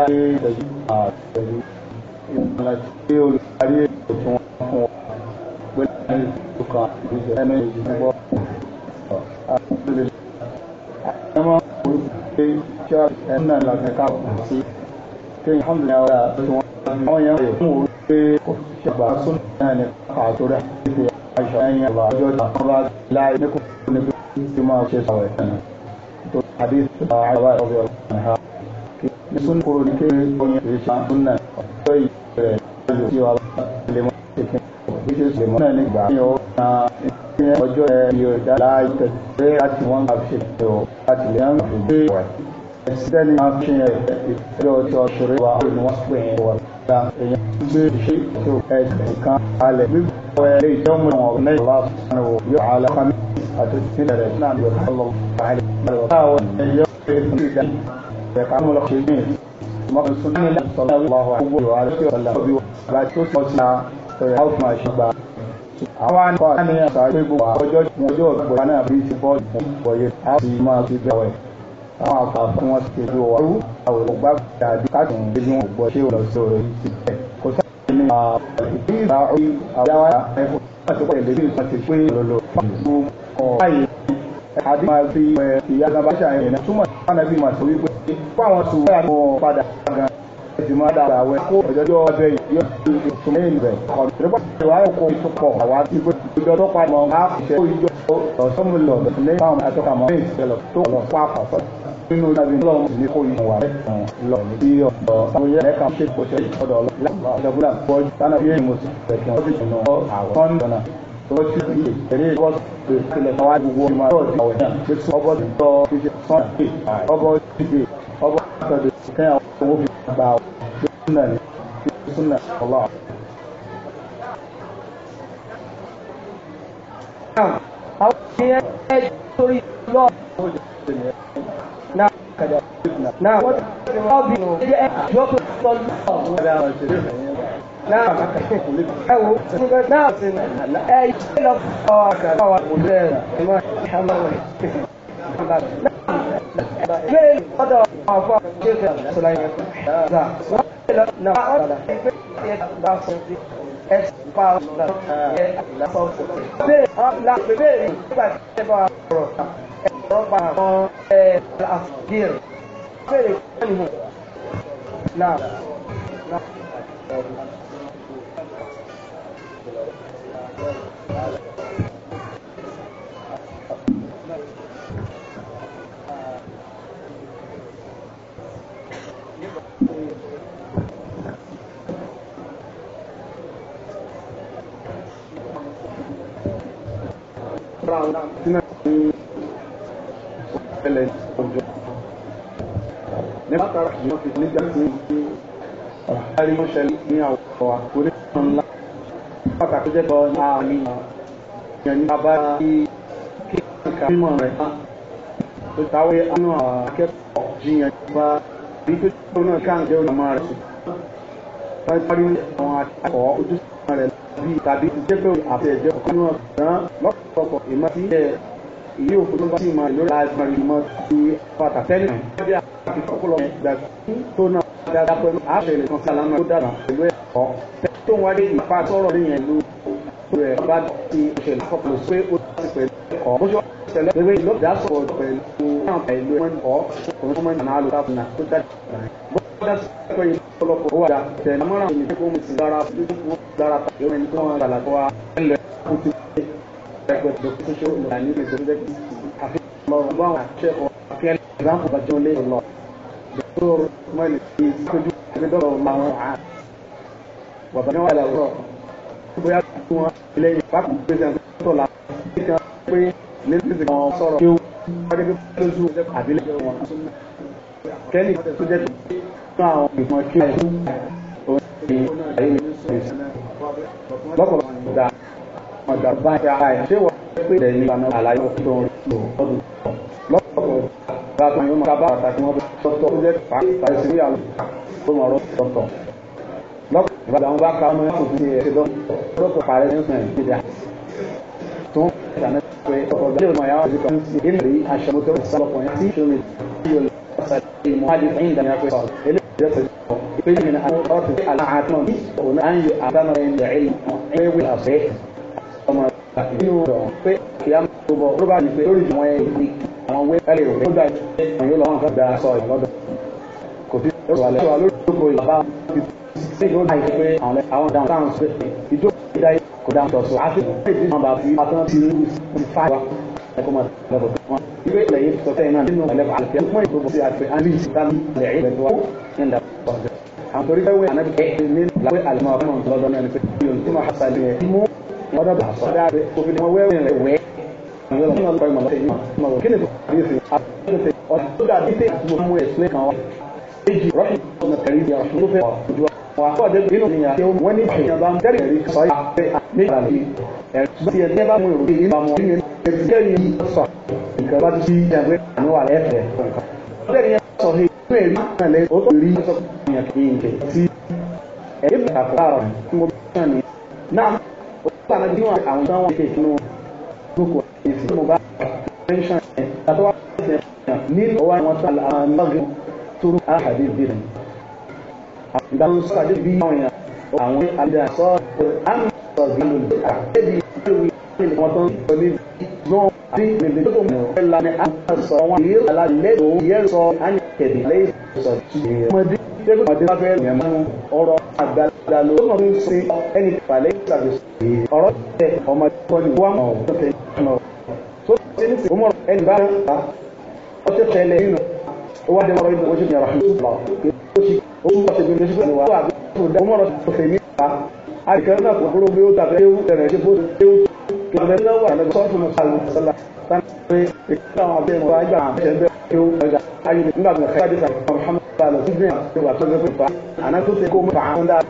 láyé ìtẹ̀jú àtẹ̀jú ìmọ̀lá tí olùdarí ètò tí wọ́n fún wa pé láyé ètò kan ìgbésẹ̀ ẹnu ìgbọ́ àtúndé àtẹmọ́ olùdarí tí a ẹnu náà làkẹ́ ká kù sí kéyìn hàmìlẹ̀ àwọn àti wọn àwọn yẹn wọ́n wò ó pé kò sí àgbà sún náà ní pàtó rẹ̀ ìdè àṣà ẹ̀yìn àgbà ọjọ́ ìdáná bá láyé ní kò ní bí wọ́n ti máa ṣe sàwẹ̀ tàbí àbí àbá ìrọ̀bì ọ̀gbìn ní súnà kó rí kéré oyin rè ṣe súnà ọjọ́ ìbẹ̀rẹ̀ ayò tí wàá bá lè mọ ìpín bí ṣe sùn lè mọ náà nígbà tí ó na ìpínlẹ̀ ọjọ́ ẹ̀yọ ìdálá ìtẹ̀síwé láti wọ́n máa fi ṣe ọ̀ láti lè ń fi gbé wà. ẹ̀sìtẹ́ni máa fi hàn ìfẹ́lẹ́ ọtí ọtúrẹ́ wa ó ní wọ́n pè é wà gba èèyàn gbé ṣe tó ẹ̀sìn kan alẹ̀ gbígbọ́ ẹ̀ lè jẹ́ ọmọ ọ̀rọ̀ náà ìwà sanu yóò ala kami àti sílẹ̀ rẹ̀ náà yóò ẹ̀ka ló lọ ṣe ní mọ́tò sún ní ilé ìtọ́lá ìwàhùn àgbò ìwà àti ọ̀sọ̀lá òbí wa tó sì ọtí náà ẹ̀rọ àwùjọ àṣìgbà. àwọn àníkọ́ àní àṣà pé gbogbo ọjọ́ ìwọ̀n ọjọ́ ìgbọ̀lá náà bí ti bọ́ọ̀lù fún ìbọ̀yé a máa fi bẹ̀rẹ̀ àwọn àfààfin wọn ti kéde wà àwọn ògbà àbí káàkiri ìdíjú wọn gbọ́ ṣé lọ sí ọ̀rọ̀ yìí ti bẹ̀ kò sá ní ìdí ìgbà orí àwòyáwá ẹ̀fọ́ láti pọ̀ ìlérí ìtàn ti pé lọ́lọ́ fáwọn ọ̀hún àyè àdìmọ̀ àti ìyá gbàbáṣà ẹ̀yìn náà túmọ̀ sí wọn náà bí wọn sọ wípé fún àwọn tó wáyà lọ padà gan ìdìmọ̀ àdàlà àwẹ̀ kó ọ̀jọ́jọ́ ọbẹ̀ yóò di ìtumọ̀ èyí rẹ̀ kọ̀ nípa ìwà òkú ìtúpọ̀ àwa ti gbé ìjọ tó padà mọ́ á fi ṣe ìjọ ọ̀sọ́mùlọ̀ lẹ́yìn àwọn àtọ́kàmọ́ ní ìṣẹ̀lọ̀ tó lọ fún àkọ́kọ́ nínú ìlànà ìlọ ní kò yí wà lẹ́kàn lọ sí ọ̀dọ̀ sáwọ́yẹ lẹ́kàn tó kọ̀ṣẹ́ ìfọ̀dọ̀ lọ́wọ́ tọ́jú ìdílé eré ìwọ́sọ̀ pé kílẹ̀ kan wá gbogbo ọmọ àti ọ̀wẹ̀ náà pé tí ọbọ̀ ti tọ́ fífi sọ́nà pé ọbọ̀ ìdílé ọbọ̀ àtọ̀dẹ̀ kẹ́yà owó fi gbà ọ́ نعم أو نعم أي لفاك وغلانا ما حمل نعم فين قد عفا كيف سليمان لا لا نعم نعم نعم non non non è è è cosa, che che ne ba ta rahimu fi ni jami'in a harin shari'a wa kuri sun ọkà tó jẹ́ bọ́ ní àwọn èèyàn ní bàbá tí kí nǹkan mímọ̀ rẹ̀ tán tó táwé àánú àwọn akẹ́kọ̀ọ́ jiyàn nípa bí tó tó náà káà jẹ́ ọ̀nà máa rẹ̀ sí. wọ́n parí àwọn akẹ́kọ̀ọ́ ojúṣe rẹ̀ bí tàbí ìjẹ́pẹ̀ àti ẹ̀jẹ̀ ọ̀kan náà tán lọ́pọ̀lọpọ̀ ìmọ̀ sí ẹ̀ ìlú òfin tó bá sì máa lórí àgbàrí mọ́ sí pàtàkì tẹ́lẹ̀ tó ń wáyé ìpá sọ̀rọ̀ lẹ́yìn ẹ̀lú rẹ̀ bá ti ṣẹlẹ̀ àkọ́kọ́ pé ó ti pẹ̀lú ẹ̀kọ́ bó ṣe wá ṣẹlẹ̀ pẹ̀lú ìlú ìdásọ̀rọ̀ pẹ̀lú àwọn ìlú ẹ̀mọ́ ẹ̀kọ́ òun tó mọ̀ ní àlọ́ tábùnà tó dájú bọ́dá sí ẹ̀kọ́ yìí lọ́pọ̀lọpọ̀ wà tẹ̀lé mọ́ra òní tó mú sí dára fún dára ta ìwé ní kọ́ àgbàlá tó wà ẹlẹ́ kútu ẹgbẹ́ tó kú tó lọ́la ní ìgbésẹ̀ tó dẹ́kun àfihàn lọ́rùn bá wọn àṣẹ́kọ̀ọ́ akẹ́lẹ́ ìgbà fún bàjọ́ lé lọ. dókítà mọ́lẹ̀ ti kojú ẹgbẹ́ dọ́rọ̀ làwọn àá bàbá náà wà láwùrọ̀ bóyá kí wọ́n ilé yìí bá kù pé sẹ́yìn tó la bí kan pé lẹ́sìn kan sọ̀rọ̀ kí wọ́n dé pé lóṣù àbílẹ̀ wọn kẹ́lì tó jẹ́ tó àwọn ìgbìmọ̀ kí wọ́n fún òun ní ayé mi lọ́pọ̀ ọ̀dà ọ̀dà bá ya ẹ̀ ṣé wọ́n pé lẹ́yìn ìlànà àlàyé tó ń lò ọdún lọ́pọ̀ ọ̀dà bá tó ń yọ mọ́ ká bá àtàkùn ọ̀dà tó tọ́ tó jẹ́ pàṣẹ sí ìyàwó tó mọ̀ ọ̀rọ̀ tọ̀tọ̀ lọ́kọ̀ ìbára àwọn bá ka ọmọ yẹn fòfin ẹ̀ ṣe lọ́kọ̀ parẹ́ ní sàn ìdíjà tó ń tàn pé ọ̀gbẹ́ ìmọ̀ yàrá ìdíkọ̀ ń rí aṣọ mọ́tò ìsọ̀kọ̀ yẹn tí ìṣòro ìyọ̀ lọ́sà ìmọ̀ adé ẹ̀yìn ìdáná pé eléyìí pé ní àwọn ọ̀tún tí aláàtọ̀ ní òun náà ń yọ àtàmọ̀ ẹ̀yìn ìdẹ̀ẹ́yìn ẹ̀wẹ̀ àfẹ́ ọmọ ìlú rọ̀ pé kìá tó bọ̀ ló bá ní pé lórí ìmọ̀ ẹ̀yìn ní àwọn wé ẹ̀rẹ̀ rẹ̀ ó gbà yóò lọ́wọ́ nǹkan gbà ọ̀rọ̀ alẹ́ lórí sí ìlú náà pé àwọn dáhùn dáhùn sí ìjọ ìdáyé kò dáhùn tọ̀sọ̀ àti ìdí àwọn bàbá yìí pátán ti ní fáwọn ẹ̀kọ́ máa lọ́kọ̀ wọn. ìwé ilẹ̀ yìí sọ sẹ́yìn náà nínú ẹ̀lẹ́kọ̀ àlùfẹ́ mọ́ ìgbòho sí àti àmì ìsìlámù ilẹ̀ yìí lẹ́tọ́ ní ìdá ọ̀dọ̀. àtòrí pé wẹ́ ànábì kẹ́ ní làwẹ́ àlùmọ́ ọ̀fẹ́ náà lọ́dọ̀ náà ni pé yóò tún máa hasa ilẹ̀ mú lọ́dọ̀ bá sọ dáa pé òfin wọn wẹ́ rẹ̀ wẹ́. ọ̀dọ́ dàbí tẹ́ àti mo mú ẹ̀ de wà á fọ́ọ̀dé nínú ìyá tí wọ́n ní ìyá bá ń tẹ́lẹ̀ rí sọ yà pé ní ìgbà yìí ẹ̀rọ bá ti ẹ̀ tẹ́ bá mú ìròyìn nínú àmọ́ nínú ẹ̀sìn kẹ́rin yìí sọ nǹkan bá ti yàgbé àánú wà lẹ́fẹ̀ẹ́ nǹkan. ọ̀dẹ́ ni ẹ sọ pé inú èrí náà lẹ ó tó rí sọ pé a kì í jẹ sí ẹ̀rí àkọ́kọ́ tí mo bá ní náà ó bá náà bí àwọn táwọn ṣe kí wọn gbogbo èsì mo bá pẹ́ńṣọ̀n ẹ̀ tàbí wá nínú ọwọ́ àwọn tó a tó rú àhàdé bìrì ìgbà tó sọ àdé bí àwọn àwọn àdá sọ àmì sọ bí lò dé àkébi ìwé tó ń sọ ní náà àti ìrìnlẹ̀ tó mọ̀ ẹ́ la ní sọ wọn yìí alálẹ́ tó yẹ sọ àní kẹ̀dẹ̀ lẹ́yìn sọ tìyẹ ọmọdé tẹ́lẹ̀ ọmọdé bá fẹ́ yẹn mọ́ ọ̀rọ̀ àgbàlagbà ló tó mọ̀ ní wa da wani wajen ya rahmatullah o mu wasa bi ne wa ko da umar su fe mi ba a kan na ko kuro bi o ta fe u tere je bo de u to da na wa na so su sallallahu alaihi wasallam tan pe ka wa be wa ja be be o ja ayi ni na ka ji sa muhammad sallallahu alaihi wa to ga fa ana to se ko mu fa anda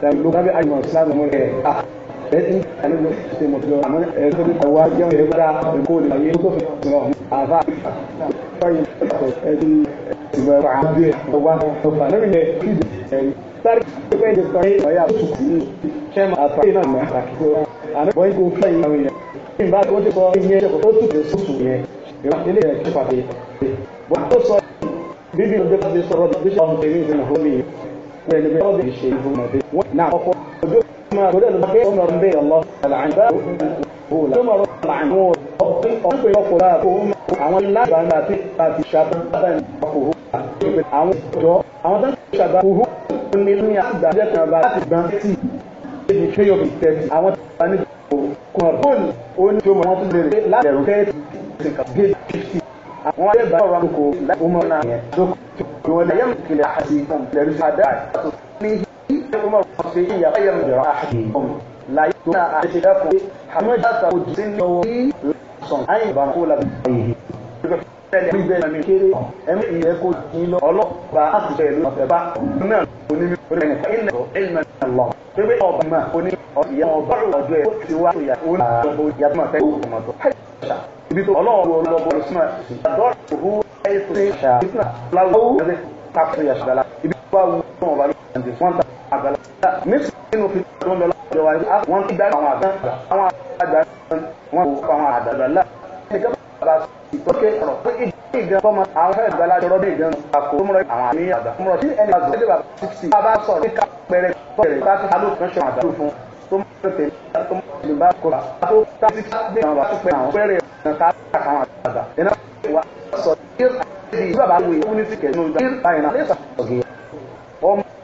da lu ka bi ayi muhammad sallallahu alaihi wasallam ẹtí ẹlẹ́gbẹ́ ṣe mo ti lọ àmọ́ ẹ̀sọ́ ní ọwọ́ ajé ọ̀hún ẹ̀gbára èkó lè yé tó fi lọ àfa ọ̀yẹ́ ẹtí ìgbà ẹ̀fà àbí ọwọ́ ọ̀fà lórí ẹ̀ kíjì ẹ̀rí sáré pé ẹ̀jẹ̀ sọ yé ọ̀yà tó kù ní kẹ́mà àtọ́ yìí náà mọ̀ àkókò àná wọ́n kò fẹ́ yìí àwọn èèyàn nígbà tó ti kọ́ iye ẹ̀jẹ̀ tó tù sùsù yẹn ìwà ilé ẹ̀ kí pàtó bọ́n tó sọ bíbí ọjọ́ tó ti sọ̀rọ̀ bí ṣe ọ̀hún ṣe ní ìdí máa gbọ́dọ̀ lọ pé ọmọ ọ̀rọ̀ ń bẹ ọ̀lọ́ àlàǹgbà ó là ọmọ ọ̀rọ̀ àlàǹgbà ó ọ̀pẹ ọkọ̀ láà kó àwọn lágbàǹgbà tí a ti ṣàtàn bá ní ọkọ̀ ó àwọn ìjọ àwọn tó ń ṣàgbà òhù ní ní àgbà jẹ́ kan bá láti gbọ́n tí ebi pé yóò fi tẹ̀ àwọn tó bá ní kùn ọ̀pọ̀n ó ní tí ó mọ̀ wọ́n tún lè láti ẹ̀rù kẹ́ẹ̀tì gé fífi àwọn ayébá ọ̀rọ̀ àkókò láti ọmọ náà yẹn tó kí wọ́n lè yẹ́mù kìlẹ̀ àti ìlẹ̀rú عمر به يقيم جراحهم لا يكون اعتداف حمجة وجسن وصن أي بنقول بيه ẹni bẹ́ẹ̀ ni kéré ẹni ìyẹ́ kó ní lọ ọlọ́pàá láti ṣe ìlú ọ̀tẹ̀bá náà onímọ̀ onímọ̀ ilẹ̀ ilẹ̀ lọ pépé ọba ìmọ̀ oní ìyá ọba ọjọ́ ẹ̀ ti wá ìyá òun àwọn ìyàtọ̀ máa tẹ́kọ̀ọ́ ọmọdé ibi tó ọlọ́run ọlọ́bọ̀ lọ́sùnmọ̀ ìdádọ́rọ̀ òwú ẹ̀yẹ́ tó ṣe ṣàkíyèsí náà láwùjọ ẹ̀ṣẹ̀ àti fún àgbàlá mix nínú fi tó ń lọ wa ní àwọn tó gbá àwọn àgbà àwọn àgbà wọn kò àwọn àgbàlá nìkan bàbá ìtọ́kẹ́ ọ̀rọ̀ pé ìdí ìgbà fọmọ àwọn fẹ́ẹ̀ gbàlá jọrọ bí ìgbà àkó múra àwọn àmì àgbà múra sí ẹni àgbà ẹni bàbá sixty bàbá sọ̀rọ̀ kíkà pẹrẹ pẹrẹ bá tó aló kan ṣọ̀rọ̀ àdúró fún tó mú pẹpẹ tó mú pẹpẹ bá kó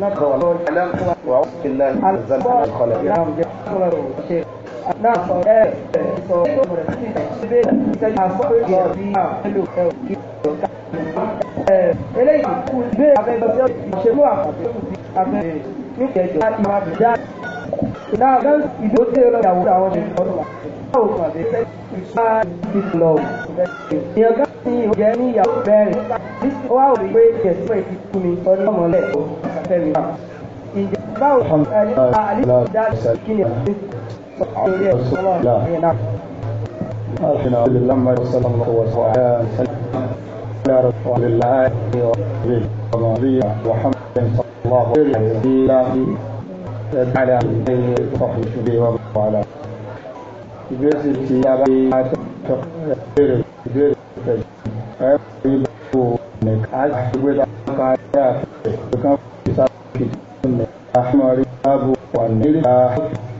نقول علم وعوذ بالله عن زلزال الخلق نعم جمعوا شيء نعم ايه سو eléyìí kú gbé abẹ́gbẹ́ ìṣèlú àkàtúntò abẹ́ nígbẹ̀jọ láti máa bìí dáa náà ìdó tí ó lọ yàwó àwọn ènìyàn lọ́wọ́. èèyàn kan tí ó jẹ níyàwó bẹ́ẹ̀rẹ̀ ní ó wá òrí pé kẹsí èyí fún mi ọdún ọmọlẹ̀ ó fẹ́rẹ̀ wà. ìjẹ́ báwo ẹni bá àlejò dá kí ni àti orí ẹ̀ sọ́wọ́ ẹ̀yẹ náà. أرحنا لله صلى الله وسلم على رسول الله ونبي محمد صلى الله عليه وسلم على آله وصحبه وعلى ìbéèrè tí a bá yé àtọ́ ìbéèrè ìbéèrè rẹ̀ ẹ̀ fi bá wò nìkan àgbègbè ká yé àfẹ́ kan fi sáfìkì nìkan àfimọ̀rí báàbò wà nílé ká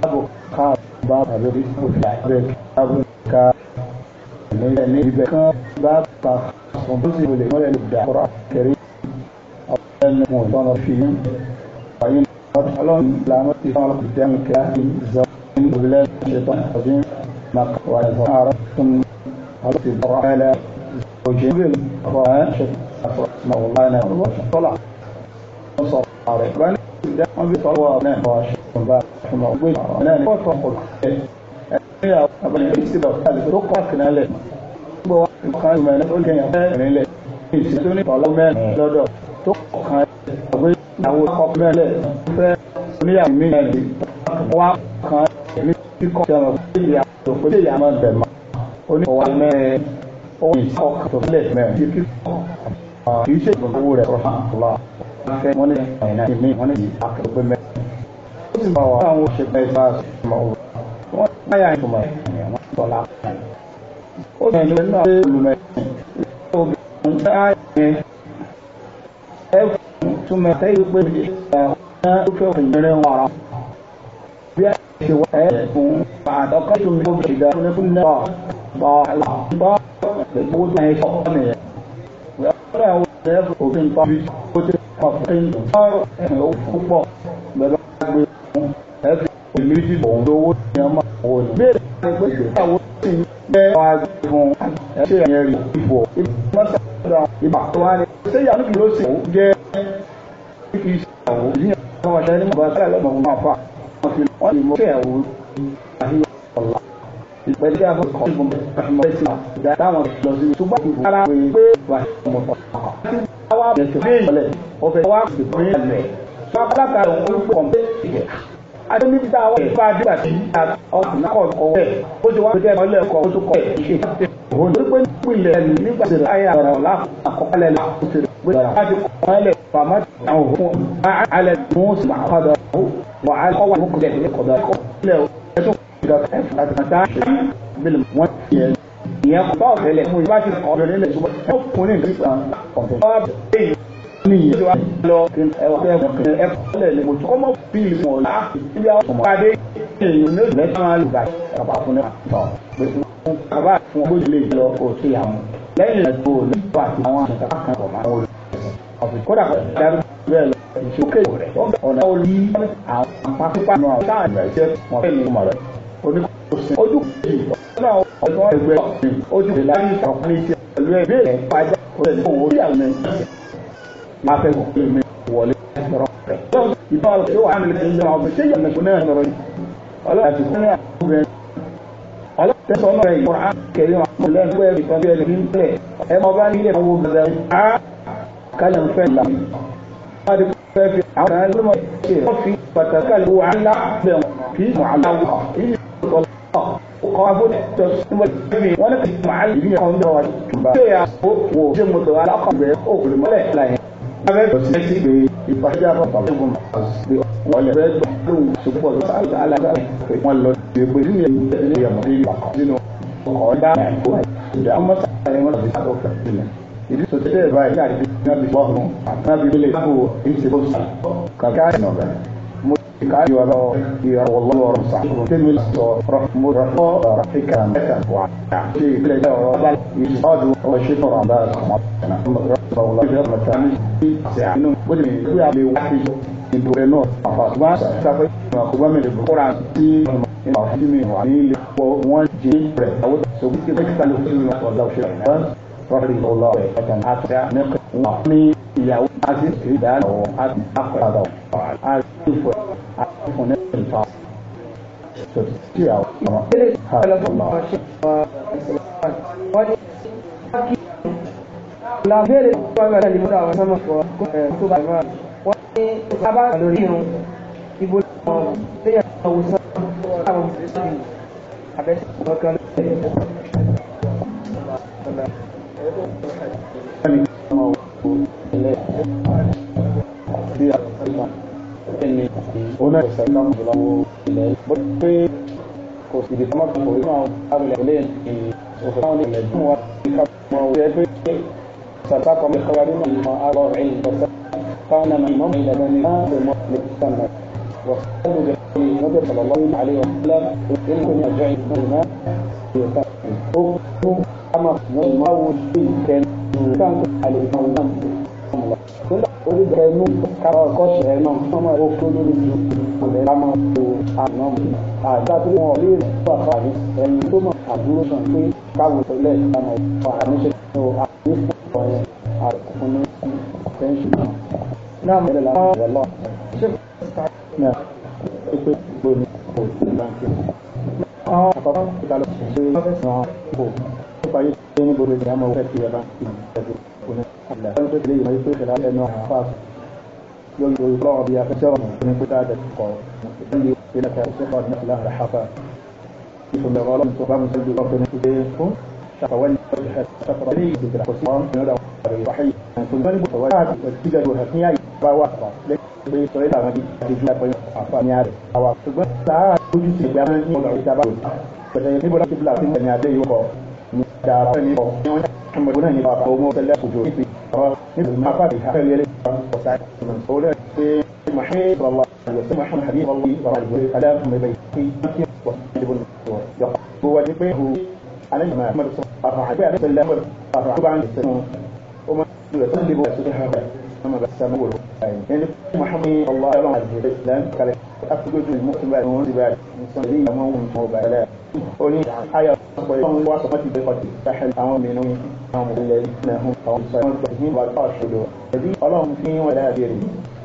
báàbò ká bá tàbí bí kò fi àgbẹ̀ báàbò ká nílẹ̀ ní ibẹ̀ kan bá pa àwọn bó sì wọlé mọ́lẹ̀ lè dà kọ́ra kẹrí ọ̀pẹ́ ní mọ̀ tọ́nà fi yín ọ̀yìn ọlọ́run làwọn ti fọ́n ọlọ́run dẹ́nu kẹ́lá ní ìzọ́. أعوذ بالله من الشيطان الرجيم ما قال أردتم أردت الضرع على زوجي بالراشد مولانا طلع وصار بل دعم بطوانا راشد رحمه الله وتقول يا أبني سبب ذلك رقعتنا لك وقال ما نقول كي يقول لك سيدوني طلب من لدو تقعد أو قبل فنيا من وقعد kíkọ́ jọ̀nà fún ìyá tó fún ìyá máa bẹ̀ mọ́ oníkọ̀wá mẹ́rin ó ní ìtọ́ tó lẹ̀ mẹ́rin tí kíkọ́ kì í ṣe ìgbòho rẹ̀ rọ̀ hàn lọ. wọ́n ní ìyá mi wọ́n ní ìyá akẹ́kọ̀ọ́ mẹ́rin. ó sì bá wà láwọn oṣù mẹ́rin bá sọ̀rọ̀ wọ́n báyà ń tọmọ ẹ̀yàn wọn tọ́lá. ó sì ní ìlú náà ṣe olùmẹ̀sìn obìnrin tá a yẹ ẹ fún túmọ̀ sẹ́yìn pé ìṣẹ̀lẹ̀ ọ̀hún náà ló fẹ́ òfin rẹ̀ wọ̀rọ̀. bí a thì và có cái trung tâm chỉ đó nó cũng bỏ bỏ là bỏ để bố này cho này và đâu để phụ huynh có phụ huynh có phụ huynh có em hiểu cũng bỏ để là người để phụ nữ đi bộ đồ nhà mà hồn biết cái cái sự tao xin để và hồn để chơi nhà đi bộ mà sao đó đi bắt tôi này sẽ dẫn cái lối sự ghê cái cái sự gì đó là cái mà phải là một ngọc wọ́n lè mọ kí وقد قال فمتعه على موسى قدره وعلى قوة مقدر قدره لو lẹ́yìn ẹ̀sùn olùkọ́ àti àwọn àṣẹ̀ká kan kọ̀ máa ń wọlé kódà dárú bẹ́ẹ̀ lọ ìṣókè rẹ̀ ọ̀nà olú àwọn pápá rẹ̀ jẹ́ wọn fẹ́ lè mọ̀ rẹ̀ oníkóso ojú kejì ọ̀nà ọ̀gbọ́n ẹgbẹ́ ojú kejì láti ọ̀pọ̀ ní ti pẹ̀lú rẹ̀ pàjá òṣèlú owó tí àwọn ẹgbẹ́ máa fẹ́ wọlé mi wọlé ọ̀rọ̀ rẹ̀. ìbá ọ̀rọ̀ tó wà ní ilé ìjọba ọ̀gbìn tí yàrá ìṣúná ẹ̀ yìí ọlọ́run àti ìṣúná ẹ̀ yìí ọlọ́run tẹ̀sán náà rẹ̀ ìkọ̀rọ̀ á kẹ̀lé wọn lẹ́nu pé ìtọ́jú kálẹ̀ ń fẹ́ là wọ́n ti fẹ́ fi àwọn kan ló máa ṣe wọ́n fi pàtàkì àlè wà ńlá bẹ̀ wọ́n kì í mọ̀ àlá wà kì í sọ̀rọ̀ kọ́ abóni tó níbẹ̀ fi wọ́n ní kì í mọ̀ àlè yìí kan bẹ̀ wà tùbà. ṣé ya o wò ṣé mo tọ̀ alákọ̀ọ́gbẹ́ òkùnrin mọ́lẹ̀ la yẹn. abẹ́ bẹ̀rẹ̀ sí pé ìpàdé bàbá ògùn nabi bọ́ọ̀nù nabi lè kó ìṣe bó sà kàkà ìnà bẹ̀. mo ti ká yọ ọ ìyá wọlọ́ ọ̀rọ̀ sà tẹ́mi sọ ọ̀rọ̀ mo rọ̀ ọ́ ọ̀rọ̀ kíkà mẹ́ta wà á ṣe ìpìlẹ̀ jẹ́ ọ̀rọ̀ bá ìṣe ọdún ọ̀rọ̀ ṣe tọ̀rọ̀ bá ọmọ ẹ̀nà ọ̀rọ̀ ṣe tọ̀rọ̀ bá mi ṣe àṣẹ àánú bó ti mi ìlú àlè wá fi ìlú rẹ̀ náà àfà tó bá ṣàfẹ́ ìmọ̀ kó bá mi lè kóra sí ìmọ̀ fún mi wà ní ilé pọ̀ wọ́n jẹ́ rẹ̀ àwọn tó kí rọ́bì ọlọ́ ẹ̀kan àtúnṣe nípa wọn ní ìyàwó àti ìdáná àti àkọ́yàdọ̀ àti ìfọ̀ àti ìfọ̀ ní ìfọ̀ sọ̀tì àwọn ọmọ. ilé ìfọ̀lọ́fọ̀ ṣe wọ́n ní kí la béèrè tó wà lórí ìmúra àwọn sọ́mọ̀ fọ́ tó bá wà wọ́n ní ìfọ̀lábà lórí irun ibo lọ́wọ́ lẹ́yìn àwọn òwúsàn àwọn òṣèlú àbẹ́sẹ̀ ọ̀kan lórí ìfọ̀lọ́fọ̀. هنا سلم صلى الله عليه وسلم إن كنا جعلنا hukum sama o ko lu o anom a o a ni يقرأ بها كثيرا من قتادة القوم يقول لك أسقى نقلها الحفاء ثم غلط تقام سجد ربنا إليكم تقول سفر لي بالحسان ندعو الرحيم ثم البواد والسجد والهنيا بواقع pé sọ yìí làwọn akéjú àpẹẹrẹ àǹfààní àrẹ àwà ṣùgbọ́n sàárà ojú sí ìgbà ní ọ̀nà ìjàmbá rẹ̀ pẹ̀lẹ́ níbo láti bílà sí ẹ̀yìn adé yìí kọ ní ìdàrà ní ọ̀ ní wọ́n yà mọ̀ náà ní bàbá ọmọ tẹ́lẹ̀ òjò ìpè ọ̀rọ̀ nítorí máa pàdé àfẹ́rẹ́ yẹlẹ́ ọ̀sá ọ̀rẹ́ pé محيط والله محمد حبيب الله وعلى كلام بيتي هو جبهه على الإمام محمد صلى الله عليه وسلم وما يسلب سبحانه ثم بسم وله يعني محمد الله يرحم عزيز الإسلام قال أفجد المؤمنون بعد مسلمين مهم وبلا أولي حياة صبيان وصمت بقت سحل أمام منوي أمام الذين هم قوم صيامتهم والقاشدوا الذي ألهم فيه ولا بيري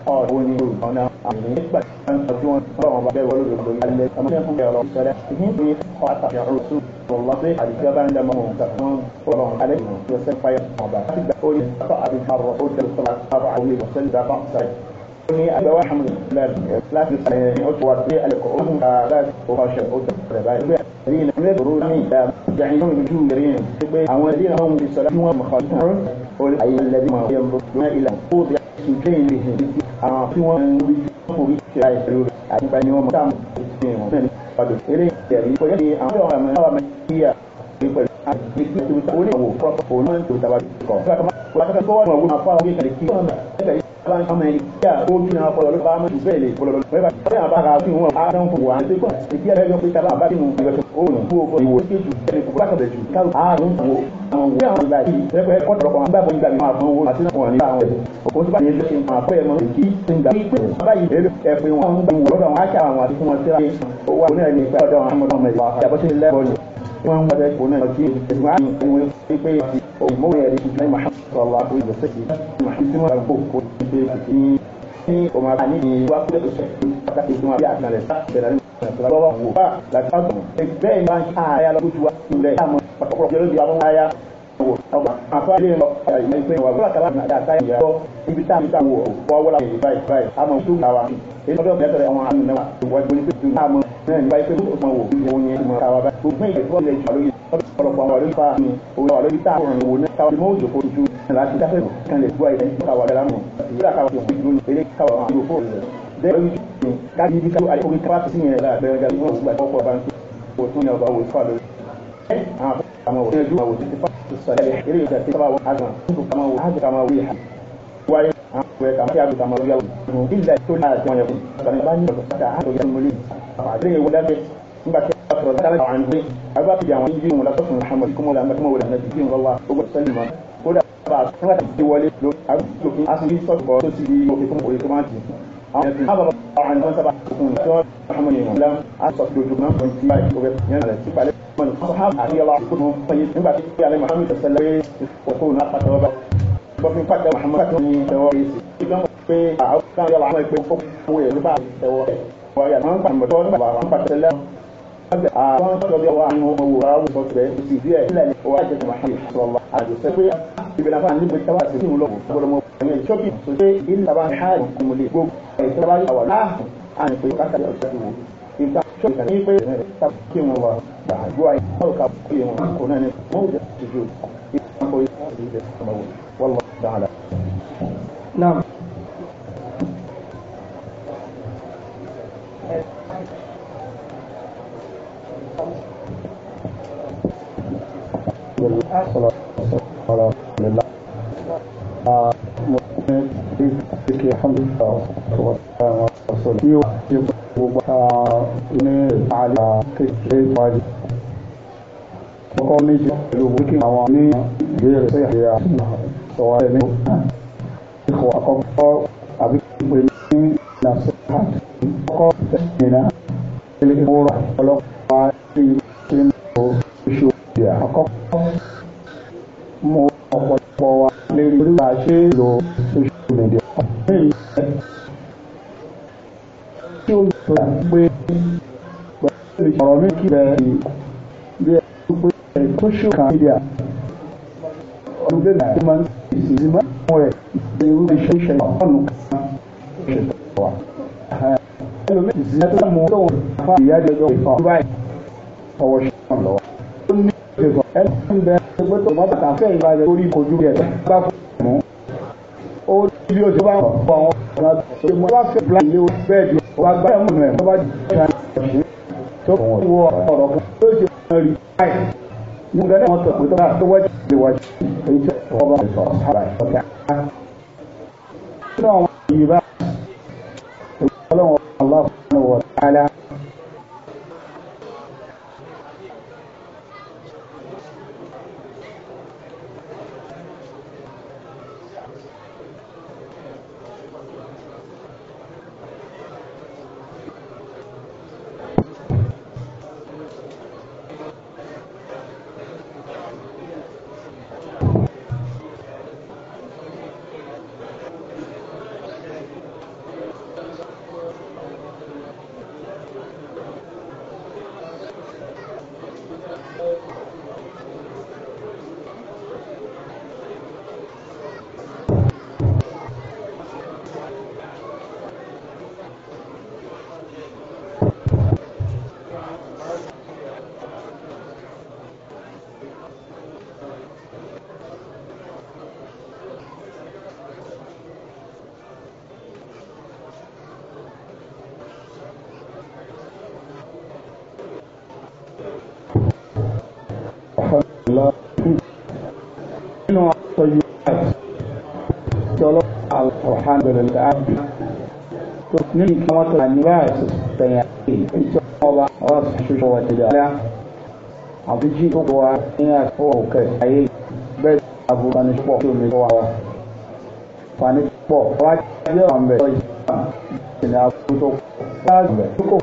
قالوا أنا عمي بس أن تكون رغم بولد الذي أمام لهم يرى سلاحهم في خاطر الرسول wọ́n ṣe àdìgbà ń dàmọ́ wọn kan fọlọ́ alẹ́ yóò ṣe fàyà ọba àti gbà ó ní sọ́kọ̀ àti àrọ̀ ó dẹ̀ sọ́kọ̀ àrọ̀ àwọn ilé ìwọ̀sẹ̀ ìdáfà sàrẹ̀. ó ní àgbẹ̀wò alhamdulilayi láti sàrẹ̀ ó ti wà pé alẹ́ kọ́ ó mú ká láti ó kọ́ ṣe ó dẹ̀ sọ̀rẹ̀ báyìí. الذين من الرسل يعيشون بجوهرين أو الذين هم بصلاتهم خاشعون أي الذين ينظرون إلى قوض سجينهم أعطوا بجوهرهم àti ìgbà ni wọ́n mọ̀ sáàmù ìṣe ìwọ̀n náà ní ọdún eré ìṣẹ̀rí pẹ̀lú ní àwọn ọmọ ọmọ ọmọ ìyá pẹ̀lú àti ìgbà tó wọlé àwọn òkú ọ̀nà tó tàbí kọ̀ bá ń kàmá ẹni kí a kó bí náà kọlọ ló bá mọ̀jú bẹ́ẹ̀ lè wọn ń wọlé kó náà kí ẹsùn àyè ìwé pípé àti òmùwé ẹ̀rí ìjọba Muhammad sọlá àbúrò ìgbésẹ̀ yìí Muhammad tí wọ́n kó kó pípé àti ní ọmọ àní ní wá kúlẹ̀ oṣù pàtàkì tí wọ́n bí àtàlẹ̀ sá bẹ̀rẹ̀ ní ìgbà wò wá láti bá bọ̀ ẹgbẹ́ ìgbà àyà lójú wa ilẹ̀ àmọ́ pàtàkùrọ̀ jẹ́ lójú àwọn àyà wò ọgbà àfa ilé lọ àyè pé wà wọ́n àtàlà àti àtàyè ìyàwó ibi tá a ta wò wọ́n wọ́n láyè báyìí báyìí àmọ́ tó gbà wá èyí lọ́dọ̀ mẹ́tẹ̀rẹ̀ àwọn àmì náà wọ́n gbé náà nípa pé mo mọ wò wò yẹn mo kà wá bá gbogbo ìgbà tó lè jù wá lóye ọ̀pọ̀lọpọ̀ àwọn àlóyún fa mi òun àwọn àlóyún tá àwọn òun náà káwọn mọ òjòkó ju láti dáfẹ́ kan lè gbọ́ àyè káwọn abẹ́lá mọ̀ ìyá káwọn yòókù dúró ní eré káwọn àwọn àlóyún fóònù bẹ́ẹ̀ lórí ju káàdì ibi káwọn àlóyún káwọn àti sìn yẹn lábẹ́rẹ́ gàdú wọn gbà ọkọ̀ bá ń tó òtún yẹn ọba wò fà lórí. àwọn òṣèlú àwọn òṣèlú wẹ kàmú kí a gbèsè àmọ́ yàwó nù ilẹ̀ tó ní àti ọ̀yẹ̀kú sàmì bá ní ọ̀sán ká àtọ̀ yẹn múlẹ̀ àti ìwé lẹ́gbẹ̀ẹ́ nígbà tí a sọ̀rọ̀ sáré àwọn àǹdí agbá fi àwọn yíyí wọn lọ́sọ̀tún hàmọ́ kí kúmọ̀ làmọ́ kúmọ̀ wọlé àti yíyí wọn wá ogbó sẹ́lẹ̀ mọ́ kódà bá a fún àti ti wọlé ló agbófin a sì ní sọ̀tọ̀ tó ti di òfin fún òye tó máa ti àwọn ẹ̀sìn á bàbá àwọn ẹ̀sìn sábà fún un tí wọ́n hàmọ́ yẹn wọn lẹ́m a sọ dodo náà fún ti báyìí òwe yẹn rẹ̀ sí palẹ̀ mọ́ni fún àti yàrá kó tó ń fẹ́yìn nígbà tí alẹ́ mọ̀ hàmì tẹ̀sẹ̀ lẹ́yìn òkú náà pàtàkì bọ́fin pàtẹ muhammad tó ní ẹwọ́ rẹ̀ sí i lọ́wọ́ pé àwọn kan yà wà àwọn ìpè fún owó ẹ̀ nípa ẹwọ́ ẹ̀ wọ́n yà wọ́n pàtẹ mọ̀tọ́ nípa àwọn pàtẹ lẹ́wọ̀n àwọn tó bí wà nínú owó àwọn ìbọn tẹ̀ sí ìdí ẹ̀ nílẹ̀ ní wà á jẹ́ muhammad تعالى نعم Thank you. sọ̀wá ẹ̀mí ìfọ̀ àkọ́kọ́ àbí pé ní nàṣẹ́ká kọ́kọ́ ẹ̀yìnà ilé ìmúra ọlọ́pàá sí ilé ìmọ̀ oṣù ìyá àkọ́kọ́ mú ọ̀pọ̀lọpọ̀ wa lérí orí wa ṣe é lò oṣù mẹ́jọ. tí ó sọ pé pẹ̀lú ọ̀rọ̀ mi kí bẹ́ẹ̀ ni bí ẹ tó pé ẹ̀ tó ṣùkà mídíà ọdún bẹ́ẹ̀ ni ó máa ń ìgbà rẹ̀ ìwé iṣẹ́ ìṣẹ̀lẹ̀ ọ̀nù kan ìṣẹ̀lẹ̀ wà. ẹlòmíì ti sinmi tó mú lóun fún ìyájọ́ ìjọ ìfọ̀ ọ̀dọ́ báyìí ọwọ́ ṣẹ̀wọ̀n lọ́wọ́. ó ní ìfọ̀ ẹlòmíì bẹ ẹgbẹ́ tó mọ́ bàtà fẹ́ ìbàjẹ́ orí kojú rẹ̀ bá fún mú. ó ní bí o ti bá wọn fọ àwọn ọ̀nà tó mú wá fẹ́ bla ilé bẹ́ẹ̀dì wà gbá ẹ̀mú rẹ̀ tó bá jẹ́ ìṣẹ̀lẹ̀ èyí tí wọ́n bá sọ sábà ìfọ̀kẹ́ á. nínú àwọn ìyíbá ìyíbá ọlọ́wọ́ aláwọ̀ ọ̀tá nínú kí wọ́n tọ́ra ní báyìí sẹ̀yìn àti ìjọ ọba ọba ṣoṣo ọ̀tẹ̀dẹ̀ alá àbújí gbogbo wa ní àtúwọ̀ òkè ayé bẹ́ẹ̀ àbúrò ní pọ̀ tí omi wà wá fani pọ̀ wá jẹ́ ọ̀n bẹ̀ ọjà ìrìn àbúrò tó wá bẹ̀ tó kò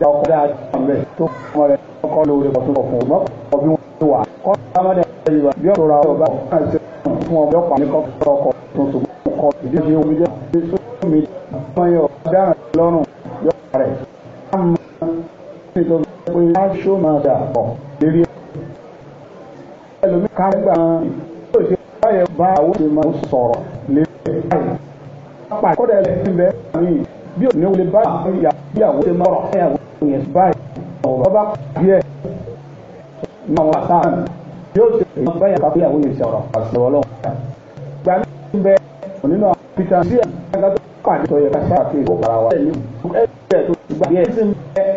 da ọkọ dáadáa rẹ tó kọ rẹ ọkọ lóore kọ tó kọ fún ọmọ kọ bí wọn ti wà kọ sábàdà ẹyẹ wa bí ọ̀rọ̀ àwọn ọba kan ṣe fún ọmọ ọkọ ní kọkọ ọkọ tuntun kọ ìdí ìdí omi jẹ ṣe sókè mi wọn yọ lọ́rùn yọ rẹ àmọ́ nítorí pé aṣọ ṣe báyẹ̀ bá àwọn ṣe máa sọ̀rọ̀ lérí báyìí pápá bí àwọn ṣe máa rọ̀ ẹ̀yàwó yẹn báyìí ọ̀rọ̀ bá díẹ̀ ní àwọn àtàn yóò ṣe èyí bá yàtọ̀ pé àwọn èsì ọ̀rọ̀ àṣẹ ọlọ́run. gba ní bẹ onínú àwọn peter sí ẹ̀ka tó pàdé sọ yẹ ká ṣáà fi ìwọ para wa. ẹ̀yìn ẹ̀jẹ̀ tó ti gbà díẹ̀ sí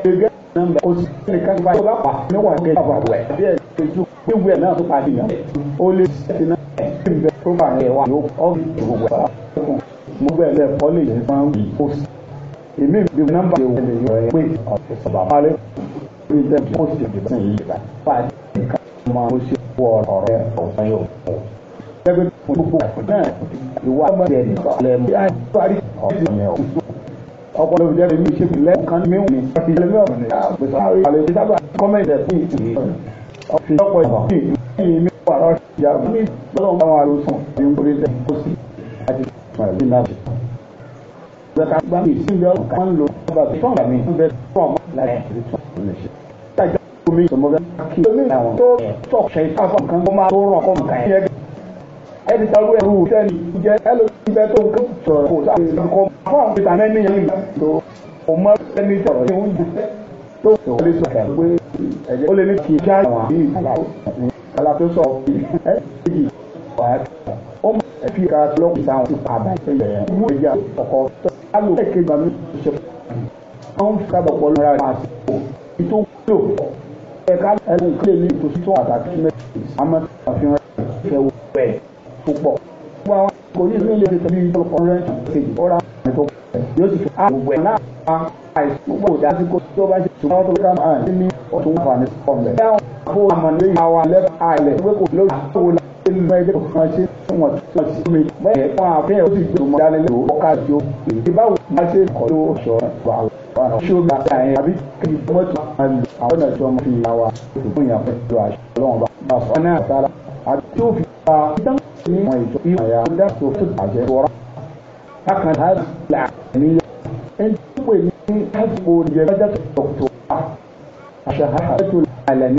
ẹgbẹ́ nàmbà kò sí nìkan bá yóò bá pa níwọ̀n kẹ́ ìjọba wẹ̀ díẹ̀ tó ìwé náà tó pàdé yàn. ó lè ṣe ti náà ẹ̀ ń bẹ tó èmi bí nọ́mbà yẹn wọlé yọ ẹ pé ọ̀sẹ̀ sọ̀bà máa lé fún mi dẹ́n kó sì dìbò sí yìí rà fà á ti ká máa ó sì wọ ọ̀rọ̀ ẹ ọ̀sán yóò fún ọ. Gẹ́gẹ́ bí gbogbo àpò náà ìwà ọmọdé ẹni lẹ mú yá parí ọ̀sán yẹn o. Ọ̀pọ̀ ló mi ṣe kìlẹ̀ kan mi wù mí. Àti ilé mẹ́wàá ni àgbèsà àlè sábà ìjọba gbá mi sí ilé ọkọ̀ máa ń lo ọba tó ń bà mí ń bẹ fún ọmọ láti ẹ̀rí tó ń lè ṣe. ìtajà omi ìsọmọlá kí omi àwọn tó tọ̀ ṣe ìtafà kan kó máa tó ràn kọ́ nǹkan yẹn. ẹni táwọn ẹrú sẹ́ni jẹ́ ẹlòmíín bẹ́ẹ̀ tó ń kó sọ̀rọ̀ kó sáà kọ́ fún àwọn ìtàn ẹni yẹn nígbà tó o mọ ẹni sọ̀rọ̀ tí wọ́n jù tó o lè sọ kẹ́ pé ẹ̀jẹ̀ ó lè ní kì í ṣá àwọn àbí ìlànà tó sọ ẹ̀ ẹ̀jì wàá ó mọ ẹ̀fí ká lọ́kùnrin sáwọn ti pa àbáyé ẹ̀yẹ wọ́n ìyá ọkọ̀ tó alo kẹ́kẹ́ gbàmí ṣe wọ́n ń sábà pọ̀ lọ́ra rẹ̀ àti ìpò ìtò wúlò ẹ̀ka ẹ̀kún kílè ní ìtòsí tó àtàkì mẹ́tìrì àmọ́ àfihàn rẹ̀ wò rẹ̀ púpọ̀. gbogbo àwọn kò ní ìlú ilé tẹ̀lé ìjọ kọ́rẹ́ǹtì kejì ọ̀rá ẹ̀tọ́ yóò sì fi àgbẹ̀ náà àìsàn gbogbo ìdásíkò tó bá ṣe ṣùgbọ́n tó bá ṣe ní kó àmàlẹ́ yìí àwọn left eye wọ́n kò lóyún àwọn olùkọ́ ẹgbẹ́ kò fún ọṣẹ tí wọ́n ti wọ́n ti mi bẹ́ẹ̀ fún àfihàn ó sì gbé ọmọ dánilẹ́wọ̀ ọkà jọ èyí báwo ṣe kọ́ ló sọ wà wà ṣóbi àbí kí wọ́n ti máa lò àwọn ọ̀nà tí wọ́n fi yà wá fún fún ìjọ àṣọ ọlọ́run bá fọ́ náà sára tí ó fi gba ní ìmọ̀ ìjọ ìmọ̀ ìyá ọ̀dà ẹni tó pè ní káàdì àṣà àṣà tó lálẹ́ ní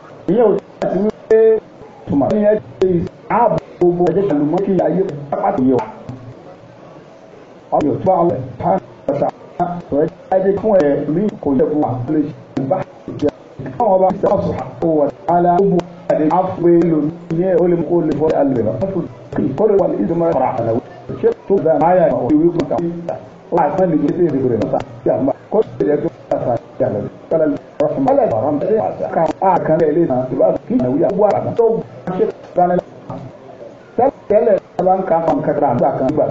ìyẹn ò tí wọ́n ti ní pé tùmọ̀ ní ẹ ṣe ààbò gbogbo ẹ̀jẹ̀ tàbí mọ́ kí ayé pàtàkì yọ. ọ̀yọ̀ tó àwọn ẹ̀ka ọ̀tà ọ̀rẹ́ ẹ̀jẹ̀ fún ẹ̀ rí kò yẹ fún wa lè ṣe bá ìjà káwọn bá ṣe ọ̀sùn àpò wàtálà ó bu àdé àfẹ́ lónìí ní ẹ̀ ó lè kó lè fọ́ alẹ́ rẹ̀ kó lè wà ní ìdúmọ̀ rẹ̀ ọ̀rọ̀ àlàwé ṣé tó bá máa yà ìwé kọ̀ọ̀kan láàpẹ́ lè gbé sí ìdìbò rẹ̀ mọ́ta jàlẹ̀ tọ́lá ọ̀sán mọ́lẹ̀ ọ̀rọ̀ mẹ́rin àti àkàn àkàn lè lè náà ìbá kí ìyàwó yà wà náà tó ṣe ránilá. tẹ́lẹ̀ sábà ń ka àwọn kankan àgbà kan gbà.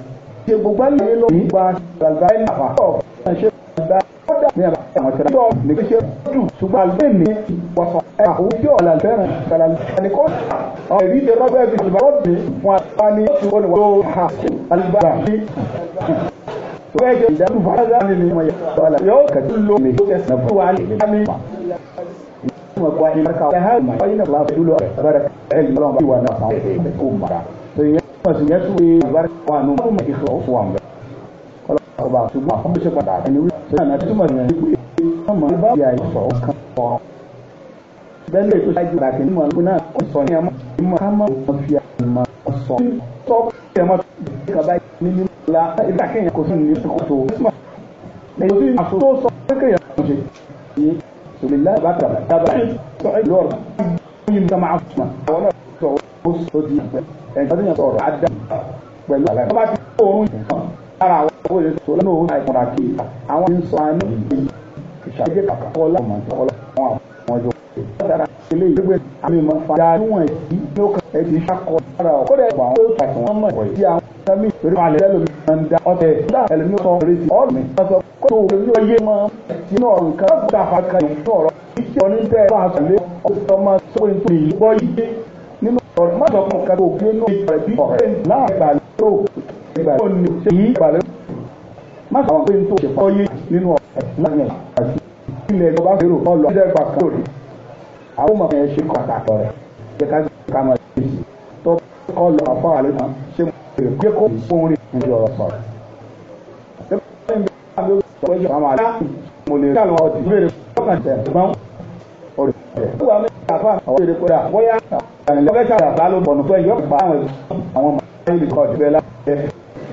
ṣe gbogbo ẹni ló ń gba ṣàlàyé ẹni àpá ọ̀ ṣe gbà ọ̀dà ní ẹ̀rọ àwọn ṣẹlẹ̀ tó ní kí ṣe dù ṣùgbọ́n àlùfẹ́ ní wọ̀sán ẹ̀ àwùjọ làlùfẹ́ràn kàlàlùfẹ́rànìkọ́ ẹ̀rí ṣe rọ́bẹ́ bíi ṣùgbọ́n ọ̀dẹ̀ fún àlùfáà ní oṣù olùwọ́ wege idan fara ne ne mai wala yau ka tullo ne ke na fuwa ne ami kuma kwa ni marka da har mai bayin Allah dulo baraka ilmi Allah bi wa na sa umma to ya masu ya su bar wa no mu ki khawf wa mu kala ba su ba kuma shi kwada ne sai na tuma ne amma ba ya yi so kan ko dan da ku sai da kin mun kuna ko so ne amma kuma mafiya ma so so mọ́ kaba nínú ìlà ìgbà kéèyàn kò sí ní ìsòkòtò èyí tí àṣọ tó sọ pé kéèyàn kò ṣe yìí sòmìlá bàtà dábà sọ ìlú ọ̀rọ̀ yìí nígbà máa fún wa àwọn náà sọ ó sọ di ìpẹ́ ẹ̀ka tó yàn sọ ọ̀rọ̀ adá pẹ̀lú àlàyé wọ́n bá ti kó oorun yìí kan lára àwọn owó ìrẹsì tó lọ́nà òun àìkúnra kiri àwọn ti ń sọ àánú ìgbìyànjú ìṣàlẹ̀ kàkà kọ́lá ọmọ tó kọ́lá àwọn àwọn ọjọ́ látara ilé ìgbẹ́ àmì ìmọ̀ fàjà níwọ̀n èyí ló kà ẹ̀ ti ṣàkọ lára ọ̀ kódà ẹ̀gbọ́n àwọn tó tàkì wọ́n mọ̀ ẹ̀ tí àwọn sami torí palẹ̀ ẹlòmí máa ń da ọ̀tẹ̀ dá ẹlòmí sọ orí ti ọ̀rọ̀ mi sọ kó tó wọlé yé máa ti ní ọ̀rọ̀ nǹkan láti dá àfàkà yìí ní ọ̀rọ̀ ìṣe ọ̀ní bẹ́ẹ̀ bá a sọ lé ọ̀tọ̀ máa má sọ pé n tó ṣe fọ́ yé nínú ọ̀rẹ́ láàyè àti ilẹ̀ ìjọba fèrò ọlọ ẹ̀dẹ́gbà kan lórí àwọn ọmọ yẹn ṣe pàtàkì rẹ̀ ṣe ká ṣe ká máa ṣe sí tó kọ́ lọ àfọ àlẹ́ kan ṣe mú èrè pé kó fún rí níbi ọ̀rọ̀ sọ̀rọ̀. mo lè ká lọ́wọ́ ti béèrè fọ́kàn tẹ̀ gbọ́n orí rẹ̀. ó wà mí àfa àwọn èrè kódà bóyá àwọn ẹ̀lẹ́gbẹ̀ta àbálòpọ̀ nù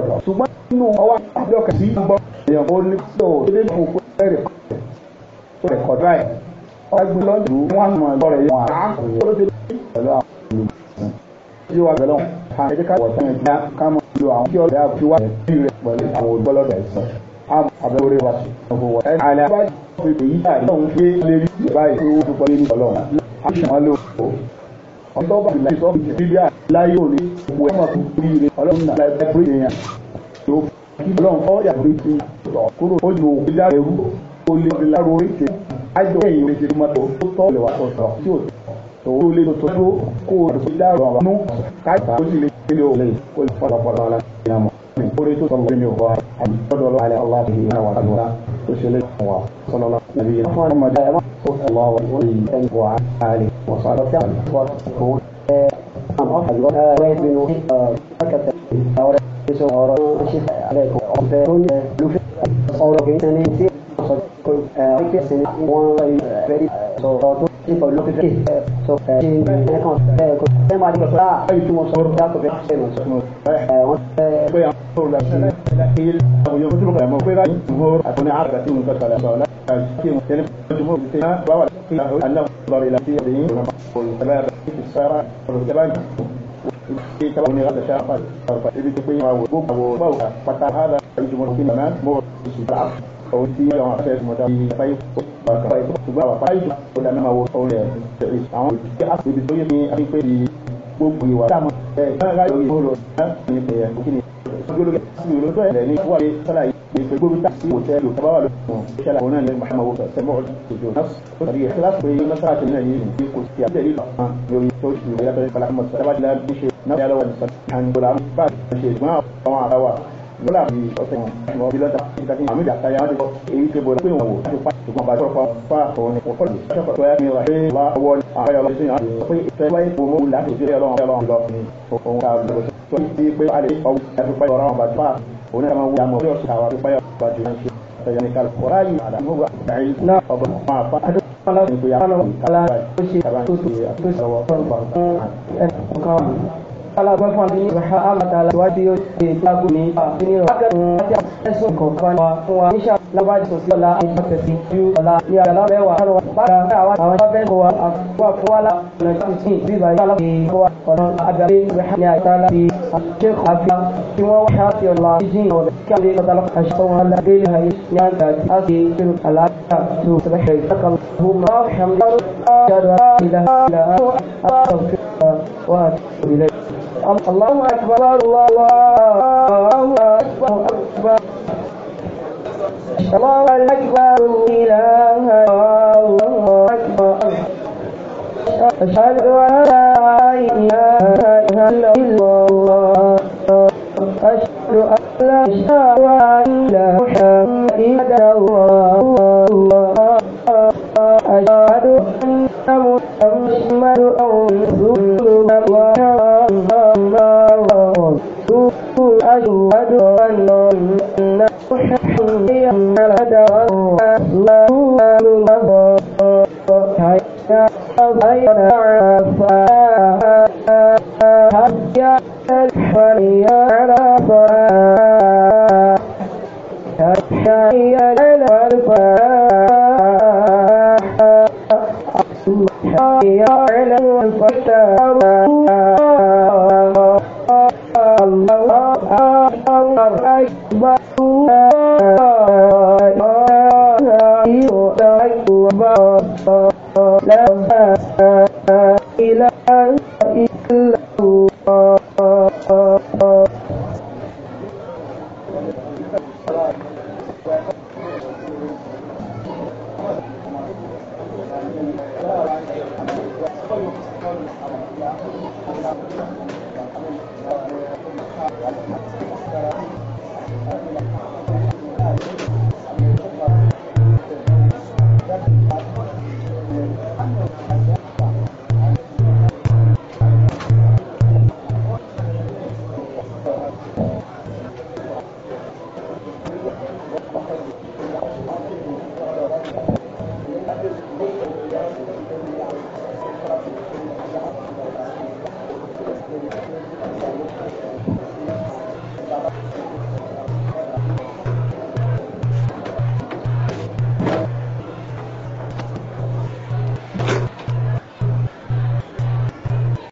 ọ̀dọ̀ ṣùgbọ́n nínú ọwọ́ àdọ́kà sí gbọ́ èèyàn ó ní tó tó dé fún òkú ẹ̀rẹ̀ tó rẹ̀ kọ́ dráì ọ̀rọ̀ ẹgbẹ́ lọ́dún wọn mọ̀ ẹ̀gbọ́ rẹ̀ yẹn wọn àkókò tó dé pẹ̀lú àwọn olùdíje yóò wá bẹ̀rẹ̀ wọn ká ẹ̀jẹ̀ ká wọ̀tán ẹ̀jẹ̀ ká mọ̀ lo àwọn kí àlẹ́ àbájá ọ̀fẹ́ èyí gbé lérí ìbáyìí tó wọ́n fi pọ̀ nínú ọlọ́run ọ̀hún tó bá ìlànà ìsọ́fún ìjẹ́ bíbí àláyé òní gbogbo ẹ̀ mọ̀tò oríire ọlọ́run náà láì pẹ́ẹ́rẹ́ èèyàn tó kí ọlọ́run fọ́ọ̀yà lórí ti sọ̀ kúrò ó lò ó já ẹrú ó lé ọdún láró orí kè ájọ ẹ̀yìn orí ti mọ́tò ó tọ́ ilẹ̀ wa sọ̀tọ̀ tí ò tó ó lé tó tó kó o lè dá ọ̀rọ̀ nú káyọ̀ ó sì lè kílè òun lè kó lè fọ́ọ̀lọ́ pọ̀lọ́ نبينا محمد صلى الله عليه وعلى وصحبه وسلم وكون أم أحد وآيات من وحيد فكت أورا سورا شفاء عليكم أمتون لفت صورة كيساني سير صدق كل أعيك سنة وغير فريد صورة يقول لك ايه سو ان كان كنت ما دي بقى اي تو مصور ذاك في حسين مصور ويا طول الاكيل او يقول لك ما كويس جمهور اكون عارف ان كنت على صلاه في مختلف الجمهور بتاعنا باور الله ينظر الى في دين والسبب في السياره والجبان في كلام غدا شافه ابي تكوين او بوك او هذا الجمهور في ممان مو العقل òun tí àwọn afẹ́ mọ̀dá bíi fáyé ọ̀kà ṣùgbọ́n àwọn fáyé ọ̀dà náà máa wọ ọ̀rẹ́ ẹ̀ tẹ̀lé àwọn ìdílé àtòbí tó yẹ ní àfihàn di gbogbo ìwà táwọn ẹ̀ gbọ́n láyọ̀ yìí lọ ní ẹ̀yẹ kí ni gbólógẹ́ sí olóòtú ẹ̀ ní wà lé sálà yìí pé gbóbi táàsì òtẹ́ lò tábà wà lóṣùwọ̀n sálà òun náà ní mahamma wò sẹ́mọ̀ òjò náà ó tàbí ìkíláàsì pé mẹ́sàrà tẹ̀lé náà yìí ní kò sí àbílẹ̀ lílọ àwọn yòóyì tó ṣù yàtọ̀ ìfọlá àmọ̀ sábà dìlà bí ṣe náà yàrá wà ní sàtìkàn gbọ́dọ̀ àmì bá ṣe ṣùgbọ́n àwọn àbáwà wọn náà fi ọsẹ wọn ní wọn bí lọta nígbàtí àmì ìjà táyà wọn ti kọ èyí tó bọ pé wọn wò láti pa ṣùgbọ́n bá sọ̀rọ̀ pa ọ̀hún ní kọ̀ọ̀kọ́ lè sọ̀rọ̀ tó yá mi ra pé wá ọwọ́ ní àbáyọ lọ sí pé fẹ́ wáyé fòmó láti òsì ọlọ́run ọlọ́run lọ ní òun ká lọ sí tó ń pé alẹ́ ọwọ́ ẹ̀fọ́ pẹ́ ọ̀rọ̀ ọ̀bà tó òun náà máa wú àmọ́ ọjọ́ sàwà tó pẹ́ ọ̀bà tó ń ṣe ọ̀sẹ̀ ní kálukú ọ̀rá yìí àdàmúgbà àyè náà ọ̀bọ̀ máa fa adó alágbọ́n fún àbí ìrọ̀há àmàtàlá ìwádìí ó ṣe ìgbàgbọ́ ní àbínirọ̀ akẹ́kọ̀ọ́ àti àṣẹṣùn kọ̀ọ̀kan wa fún wa níṣà lábàjì sọ sí ọ̀la àti àtẹ̀sí ju ọ̀la ní àgbàlá mẹ́wàá kánú wa bá dáa àwọn àwọn abẹ́ kọ̀ wa àfọwọ́ àfọwọ́ la ọ̀nà tuntun bí ìbáyé kálá fi kọ́ wa ọ̀nà àgbàlá ìrọ̀há ní àìsàn láti àṣẹkọ̀ àfíà tí wọ́n wáṣà fi ọ̀la jíjìn ọ̀rẹ́ kí àwọn ilé ọ̀tàlá àṣọ wọn la délé ayé ní àgbà tí a ṣe kírun àlàáfíà tó sẹ́lẹ̀ ṣe ìtàkàlù. اللهم لا حمد لا إله إلا أنت أستغفرك وأتوب إليك الله أكبر الله أكبر الله أكبر إله الله أكبر أشهد أن لا إله إلا الله أشهد أن لا إله إلا محمد رسول الله أشهد أن محمد رسول الله وأنه أشهد أن محمدا رسول الله حتى بين عفاها حتى الحري على صلاة حتى يلد الفلاح لا إله إلا الله